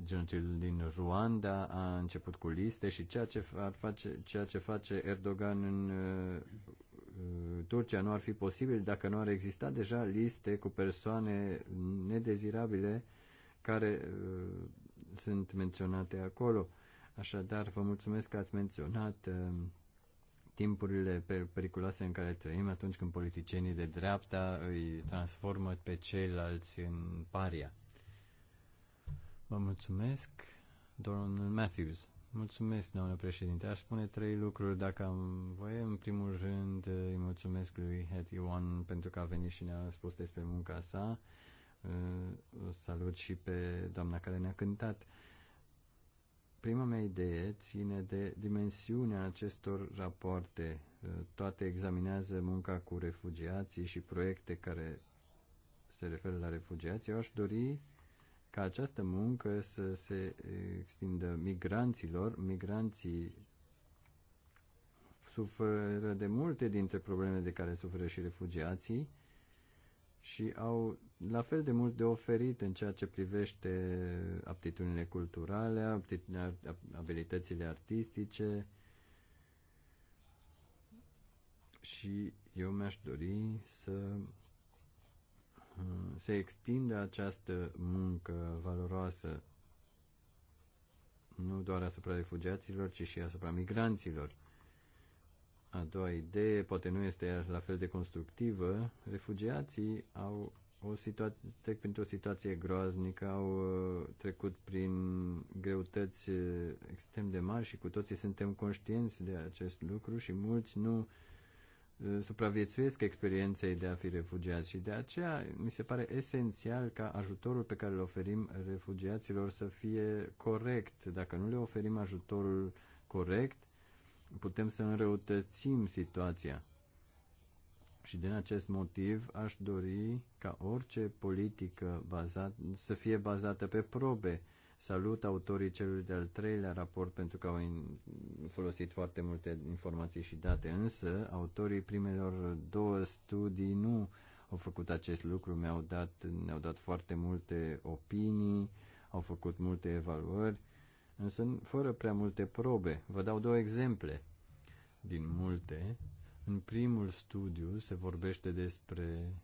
genocidul din Ruanda a început cu liste și ceea ce, ar face, ceea ce face Erdogan în uh, uh, Turcia nu ar fi posibil dacă nu ar exista deja liste cu persoane nedezirabile care uh, sunt menționate acolo. Așadar, vă mulțumesc că ați menționat timpurile periculoase în care trăim atunci când politicienii de dreapta îi transformă pe ceilalți în paria. Vă mulțumesc, domnul Matthews. Mulțumesc, domnule președinte. Aș spune trei lucruri dacă am voie. În primul rând, îi mulțumesc lui Hattie One pentru că a venit și ne-a spus despre munca sa. O salut și pe doamna care ne-a cântat. Prima mea idee ține de dimensiunea acestor rapoarte. Toate examinează munca cu refugiații și proiecte care se referă la refugiații. Eu aș dori ca această muncă să se extindă migranților. Migranții suferă de multe dintre problemele de care suferă și refugiații și au la fel de mult de oferit în ceea ce privește aptitudinile culturale, abilitățile artistice și eu mi-aș dori să se extinde această muncă valoroasă nu doar asupra refugiaților, ci și asupra migranților. A doua idee poate nu este la fel de constructivă. Refugiații au o situație, trec printr-o situație groaznică, au uh, trecut prin greutăți uh, extrem de mari și cu toții suntem conștienți de acest lucru și mulți nu uh, supraviețuiesc experienței de a fi refugiați și de aceea mi se pare esențial ca ajutorul pe care îl oferim refugiaților să fie corect. Dacă nu le oferim ajutorul corect, putem să înrăutățim situația. Și din acest motiv aș dori ca orice politică bazat, să fie bazată pe probe, Salut autorii celui de-al treilea raport pentru că au folosit foarte multe informații și date, însă autorii primelor două studii nu au făcut acest lucru, mi-au dat, ne-au dat foarte multe opinii, au făcut multe evaluări, însă fără prea multe probe. Vă dau două exemple din multe. În primul studiu se vorbește despre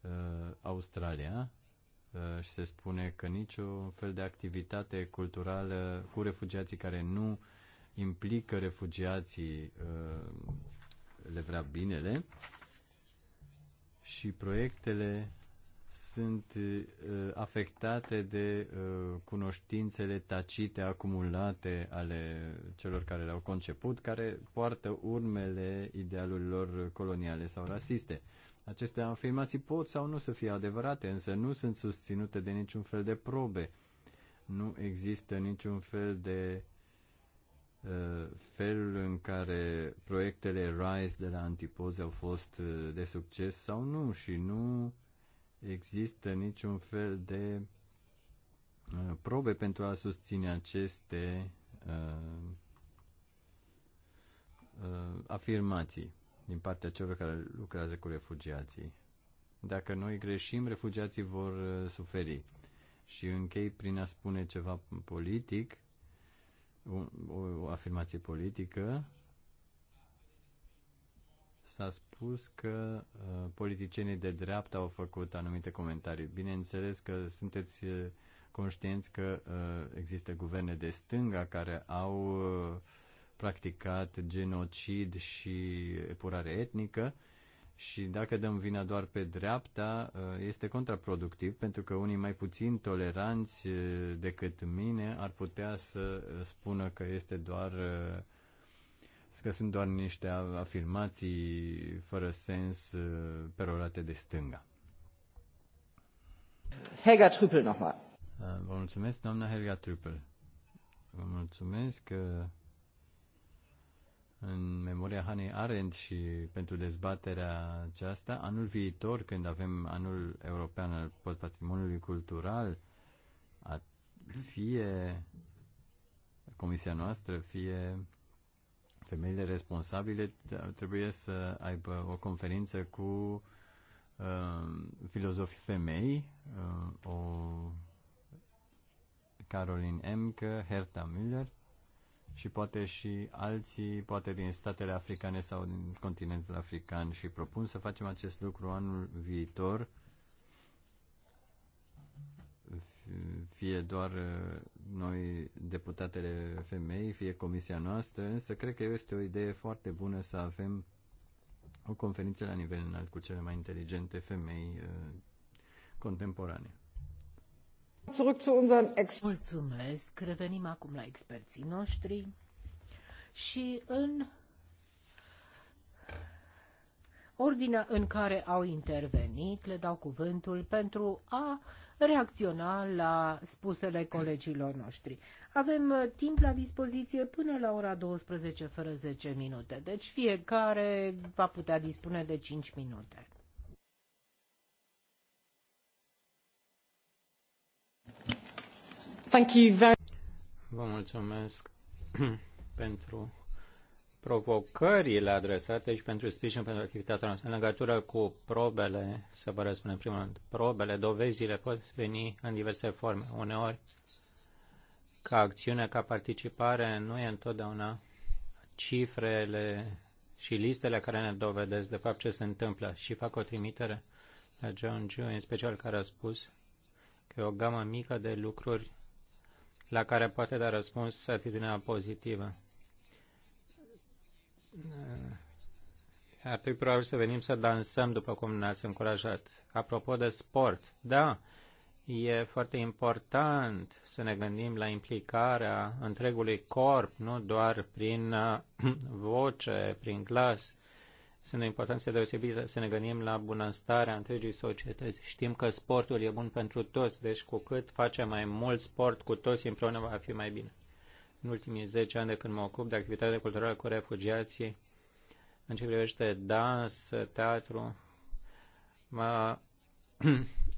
uh, Australia, Uh, și se spune că niciun fel de activitate culturală cu refugiații care nu implică refugiații uh, le vrea binele și proiectele sunt uh, afectate de cunoștințele tacite, acumulate ale celor care le-au conceput, care poartă urmele idealurilor coloniale sau rasiste. Aceste afirmații pot sau nu să fie adevărate, însă nu sunt susținute de niciun fel de probe. Nu există niciun fel de uh, fel în care proiectele RISE de la antipoze au fost uh, de succes sau nu și nu există niciun fel de uh, probe pentru a susține aceste uh, uh, afirmații din partea celor care lucrează cu refugiații. Dacă noi greșim, refugiații vor uh, suferi. Și închei prin a spune ceva politic, o, o afirmație politică. S-a spus că uh, politicienii de dreapta au făcut anumite comentarii. Bineînțeles că sunteți uh, conștienți că uh, există guverne de stânga care au uh, practicat genocid și epurare etnică și dacă dăm vina doar pe dreapta, uh, este contraproductiv pentru că unii mai puțin toleranți uh, decât mine ar putea să uh, spună că este doar că sunt doar niște afirmații fără sens perorate de stânga. Helga Trüppel nochmal. Vă mulțumesc, doamna Helga Trüppel. Vă mulțumesc că în memoria Hanei Arendt și pentru dezbaterea aceasta, anul viitor, când avem anul european al patrimoniului cultural, fie comisia noastră, fie femeile responsabile trebuie să aibă o conferință cu uh, filozofii femei, uh, o Caroline Emke, Herta Müller, și poate și alții, poate din statele africane sau din continentul african și propun să facem acest lucru anul viitor fie doar uh, noi deputatele femei, fie comisia noastră, însă cred că este o idee foarte bună să avem o conferință la nivel înalt cu cele mai inteligente femei uh, contemporane. Mulțumesc. Revenim acum la experții noștri. Și în ordinea în care au intervenit, le dau cuvântul pentru a reacționa la spusele colegilor noștri. Avem uh, timp la dispoziție până la ora 12 fără 10 minute, deci fiecare va putea dispune de 5 minute. Vă mulțumesc pentru provocările adresate și pentru sprijin pentru activitatea noastră. În legătură cu probele, să vă răspund în primul rând, probele, dovezile pot veni în diverse forme. Uneori, ca acțiune, ca participare, nu e întotdeauna cifrele și listele care ne dovedesc de fapt ce se întâmplă. Și fac o trimitere la John Jew, în special care a spus că e o gamă mică de lucruri la care poate da răspuns atitudinea pozitivă. Ar trebui probabil să venim să dansăm, după cum ne-ați încurajat. Apropo de sport, da, e foarte important să ne gândim la implicarea întregului corp, nu doar prin uh, voce, prin glas, sunt o importanță deosebită să ne gândim la bunăstarea întregii societăți. Știm că sportul e bun pentru toți, deci cu cât facem mai mult sport cu toți împreună va fi mai bine. În ultimii 10 ani de când mă ocup de activitatea culturală cu refugiații, în ce privește dans, teatru, mă,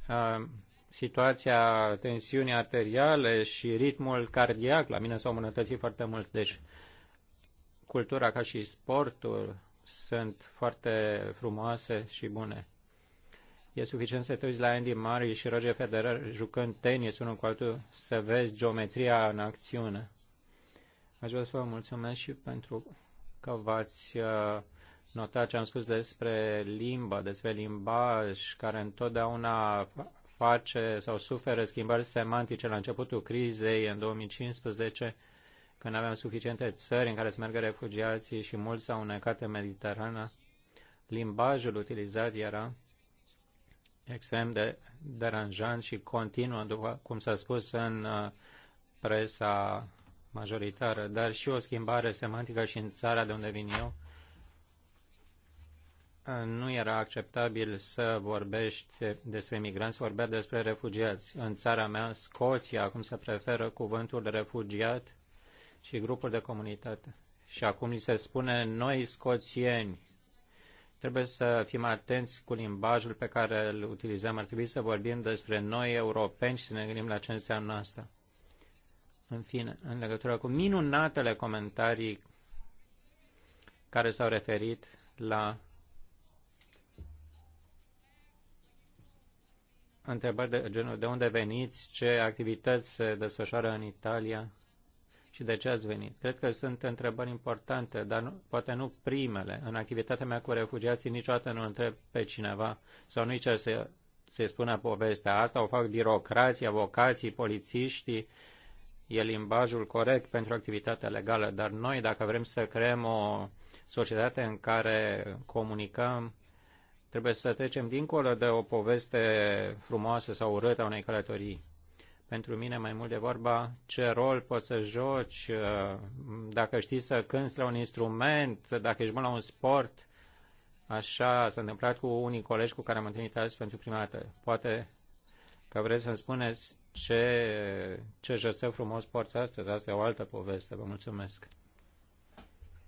a, situația tensiunii arteriale și ritmul cardiac la mine s-au îmbunătățit foarte mult. Deci cultura ca și sportul sunt foarte frumoase și bune. E suficient să te uiți la Andy Murray și Roger Federer jucând tenis unul cu altul să vezi geometria în acțiune. Aș vrea să vă mulțumesc și pentru că v-ați uh, notat ce am spus despre limba, despre limbaj, care întotdeauna face sau suferă schimbări semantice la începutul crizei în 2015 când aveam suficiente țări în care să meargă refugiații și mulți s-au înnecat în Mediterana, limbajul utilizat era extrem de deranjant și continuă, după cum s-a spus în uh, presa majoritară, dar și o schimbare semantică și în țara de unde vin eu. Uh, nu era acceptabil să vorbești despre migranți, vorbea despre refugiați. În țara mea, Scoția, acum se preferă cuvântul refugiat și grupuri de comunitate. Și acum li se spune noi scoțieni. Trebuie să fim atenți cu limbajul pe care îl utilizăm. Ar trebui să vorbim despre noi europeni și să ne gândim la ce înseamnă asta. În fine, în legătură cu minunatele comentarii care s-au referit la întrebări de genul de unde veniți, ce activități se desfășoară în Italia, și de ce ați venit. Cred că sunt întrebări importante, dar nu, poate nu primele. În activitatea mea cu refugiații niciodată nu întreb pe cineva sau nu-i cer să se spună povestea. Asta o fac birocrații, avocații, polițiștii. E limbajul corect pentru activitatea legală, dar noi, dacă vrem să creăm o societate în care comunicăm, trebuie să trecem dincolo de o poveste frumoasă sau urâtă a unei călătorii pentru mine mai mult de vorba ce rol poți să joci, uh, dacă știi să cânți la un instrument, dacă ești bun la un sport. Așa s-a întâmplat cu unii colegi cu care am întâlnit azi pentru prima dată. Poate că vreți să-mi spuneți ce, ce jăsă frumos porți astăzi. Asta e o altă poveste. Vă mulțumesc.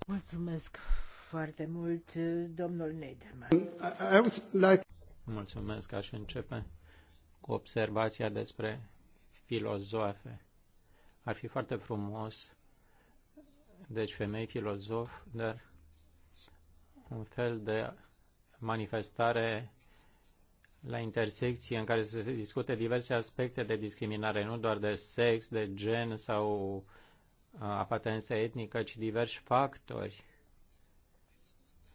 Mulțumesc foarte mult, domnul Nederman. Like... Mulțumesc. Aș începe cu observația despre filozofe. Ar fi foarte frumos, deci femei filozof, dar un fel de manifestare la intersecție în care se discute diverse aspecte de discriminare, nu doar de sex, de gen sau uh, apatență etnică, ci diversi factori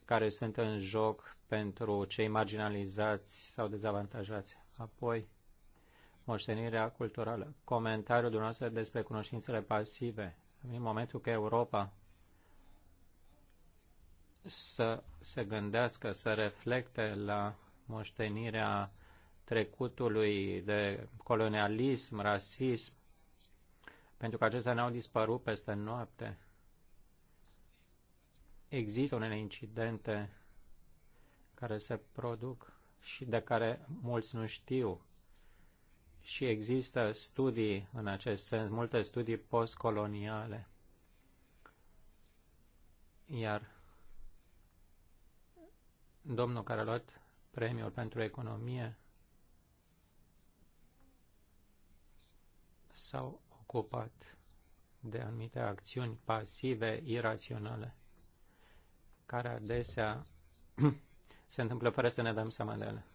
care sunt în joc pentru cei marginalizați sau dezavantajați. Apoi, moștenirea culturală. Comentariul dumneavoastră despre cunoștințele pasive. În momentul că Europa să se gândească, să reflecte la moștenirea trecutului de colonialism, rasism, pentru că acestea n-au dispărut peste noapte. Există unele incidente care se produc și de care mulți nu știu și există studii în acest sens, multe studii postcoloniale. Iar domnul care a luat premiul pentru economie s a ocupat de anumite acțiuni pasive, iraționale, care adesea se întâmplă fără să ne dăm seama de ele.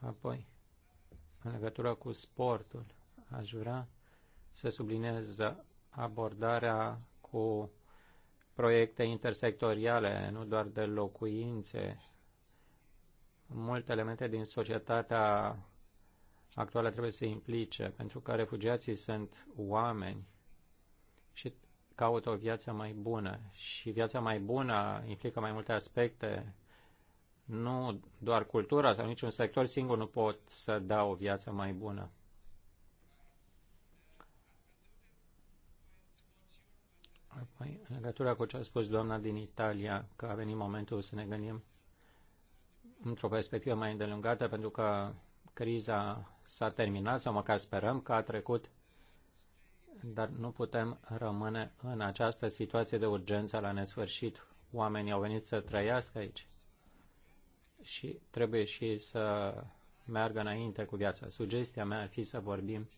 Apoi, în legătură cu sportul, aș vrea să subliniez abordarea cu proiecte intersectoriale, nu doar de locuințe. Multe elemente din societatea actuală trebuie să se implice, pentru că refugiații sunt oameni și caută o viață mai bună. Și viața mai bună implică mai multe aspecte nu doar cultura sau niciun sector singur nu pot să dea o viață mai bună. Apoi, în legătură cu ce a spus doamna din Italia, că a venit momentul să ne gândim într-o perspectivă mai îndelungată, pentru că criza s-a terminat, sau măcar sperăm că a trecut, dar nu putem rămâne în această situație de urgență la nesfârșit. Oamenii au venit să trăiască aici și trebuie și să meargă înainte cu viața. Sugestia mea ar fi să vorbim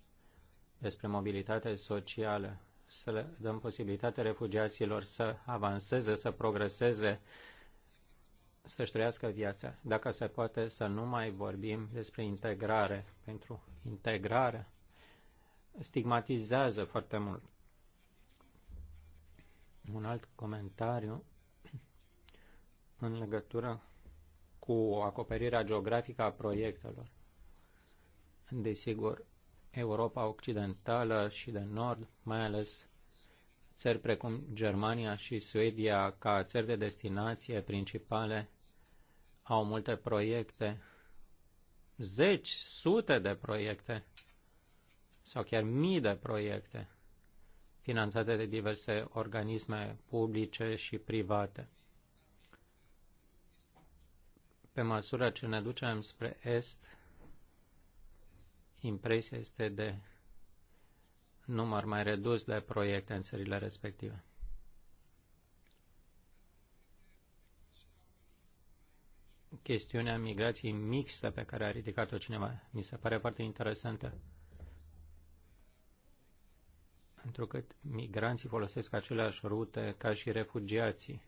despre mobilitate socială, să le dăm posibilitatea refugiaților să avanseze, să progreseze, să-și trăiască viața. Dacă se poate să nu mai vorbim despre integrare, pentru integrare stigmatizează foarte mult. Un alt comentariu în legătură cu acoperirea geografică a proiectelor. Desigur, Europa Occidentală și de Nord, mai ales țări precum Germania și Suedia, ca țări de destinație principale, au multe proiecte, zeci, sute de proiecte sau chiar mii de proiecte finanțate de diverse organisme publice și private. Pe măsură ce ne ducem spre est, impresia este de număr mai redus de proiecte în țările respective. Chestiunea migrației mixte pe care a ridicat-o cineva mi se pare foarte interesantă. Pentru că migranții folosesc aceleași rute ca și refugiații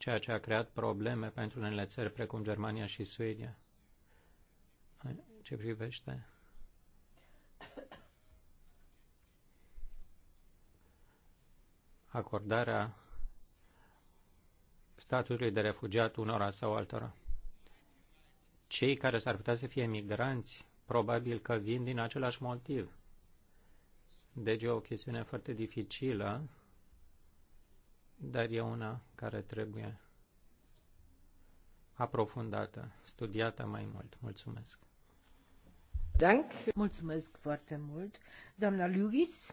ceea ce a creat probleme pentru unele țări precum Germania și Suedia. Ce privește acordarea statutului de refugiat unora sau altora. Cei care s-ar putea să fie migranți, probabil că vin din același motiv. Deci e o chestiune foarte dificilă dar e una care trebuie aprofundată, studiată mai mult. Mulțumesc! Dank. Mulțumesc foarte mult. Doamna Lugis?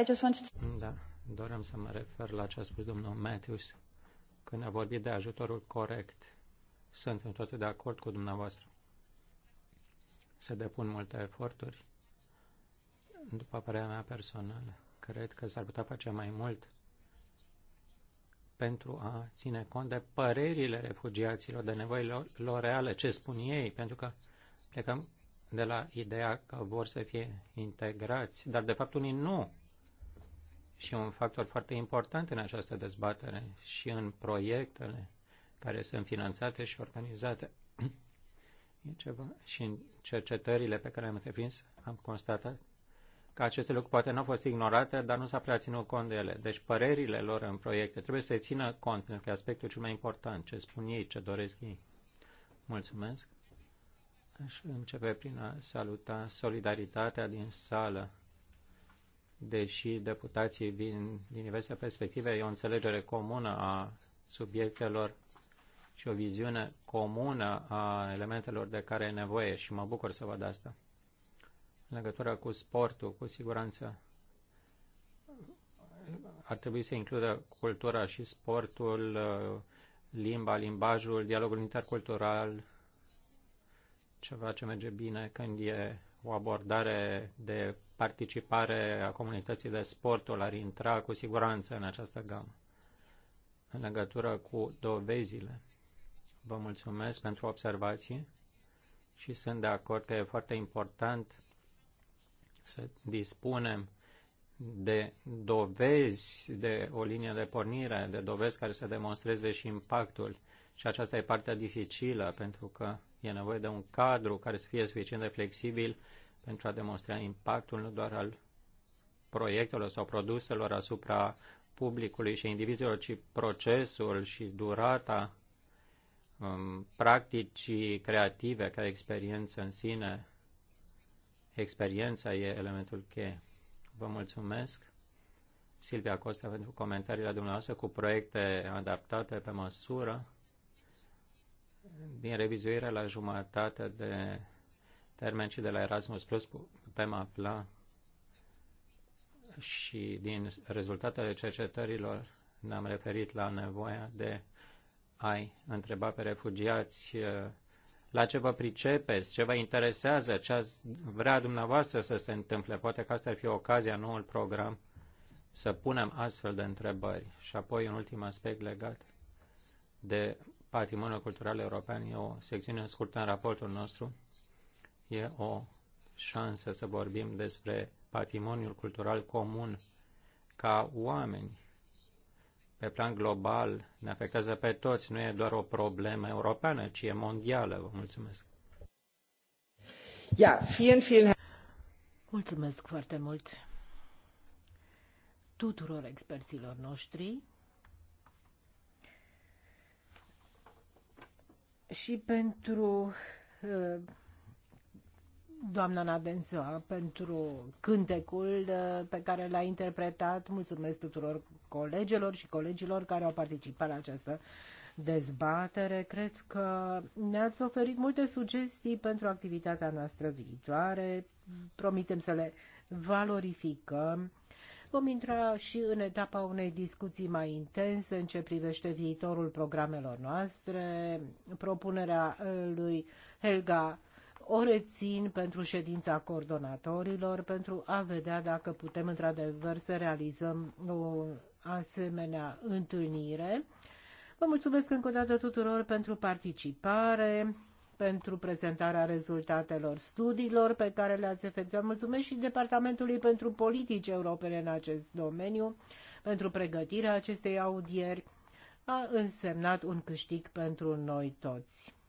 I just wanted to... Da, doream să mă refer la ce a spus domnul Matthews când a vorbit de ajutorul corect. Sunt în toate de acord cu dumneavoastră. Se depun multe eforturi. După părerea mea personală, cred că s-ar putea face mai mult pentru a ține cont de părerile refugiaților, de nevoile lor reale, ce spun ei, pentru că plecăm de la ideea că vor să fie integrați, dar de fapt unii nu. Și un factor foarte important în această dezbatere și în proiectele care sunt finanțate și organizate. E ceva. Și în cercetările pe care le-am întreprins am constatat că aceste lucruri poate nu au fost ignorate, dar nu s-a prea ținut cont de ele. Deci părerile lor în proiecte trebuie să țină cont, pentru că e aspectul cel mai important, ce spun ei, ce doresc ei. Mulțumesc. Aș începe prin a saluta solidaritatea din sală. Deși deputații vin din diverse perspective, e o înțelegere comună a subiectelor și o viziune comună a elementelor de care e nevoie și mă bucur să văd asta în legătură cu sportul, cu siguranță ar trebui să includă cultura și sportul, uh, limba, limbajul, dialogul intercultural, ceva ce merge bine când e o abordare de participare a comunității de sportul ar intra cu siguranță în această gamă. În legătură cu dovezile, vă mulțumesc pentru observații și sunt de acord că e foarte important să dispunem de dovezi, de o linie de pornire, de dovezi care să demonstreze și impactul. Și aceasta e partea dificilă, pentru că e nevoie de un cadru care să fie suficient de flexibil pentru a demonstra impactul nu doar al proiectelor sau produselor asupra publicului și indivizilor, ci procesul și durata um, practicii creative ca experiență în sine experiența e elementul cheie. Vă mulțumesc, Silvia Costa, pentru comentariile dumneavoastră cu proiecte adaptate pe măsură din revizuirea la jumătate de termen și de la Erasmus Plus putem afla și din rezultatele cercetărilor ne-am referit la nevoia de a-i întreba pe refugiați la ce vă pricepeți, ce vă interesează, ce ați vrea dumneavoastră să se întâmple. Poate că asta ar fi ocazia noul program să punem astfel de întrebări. Și apoi un ultim aspect legat de patrimoniul cultural european e o secțiune scurtă în raportul nostru. E o șansă să vorbim despre patrimoniul cultural comun ca oameni pe plan global, ne afectează pe toți, nu e doar o problemă europeană, ci e mondială. Vă mulțumesc. Ja, vielen, vielen... Mulțumesc foarte mult tuturor experților noștri și pentru uh, doamna Nadensoa pentru cântecul uh, pe care l-a interpretat. Mulțumesc tuturor colegelor și colegilor care au participat la această dezbatere. Cred că ne-ați oferit multe sugestii pentru activitatea noastră viitoare. Promitem să le valorificăm. Vom intra și în etapa unei discuții mai intense în ce privește viitorul programelor noastre, propunerea uh, lui Helga o rețin pentru ședința coordonatorilor, pentru a vedea dacă putem într-adevăr să realizăm o asemenea întâlnire. Vă mulțumesc încă o dată tuturor pentru participare, pentru prezentarea rezultatelor studiilor pe care le-ați efectuat. Mulțumesc și Departamentului pentru Politici Europene în acest domeniu, pentru pregătirea acestei audieri. A însemnat un câștig pentru noi toți.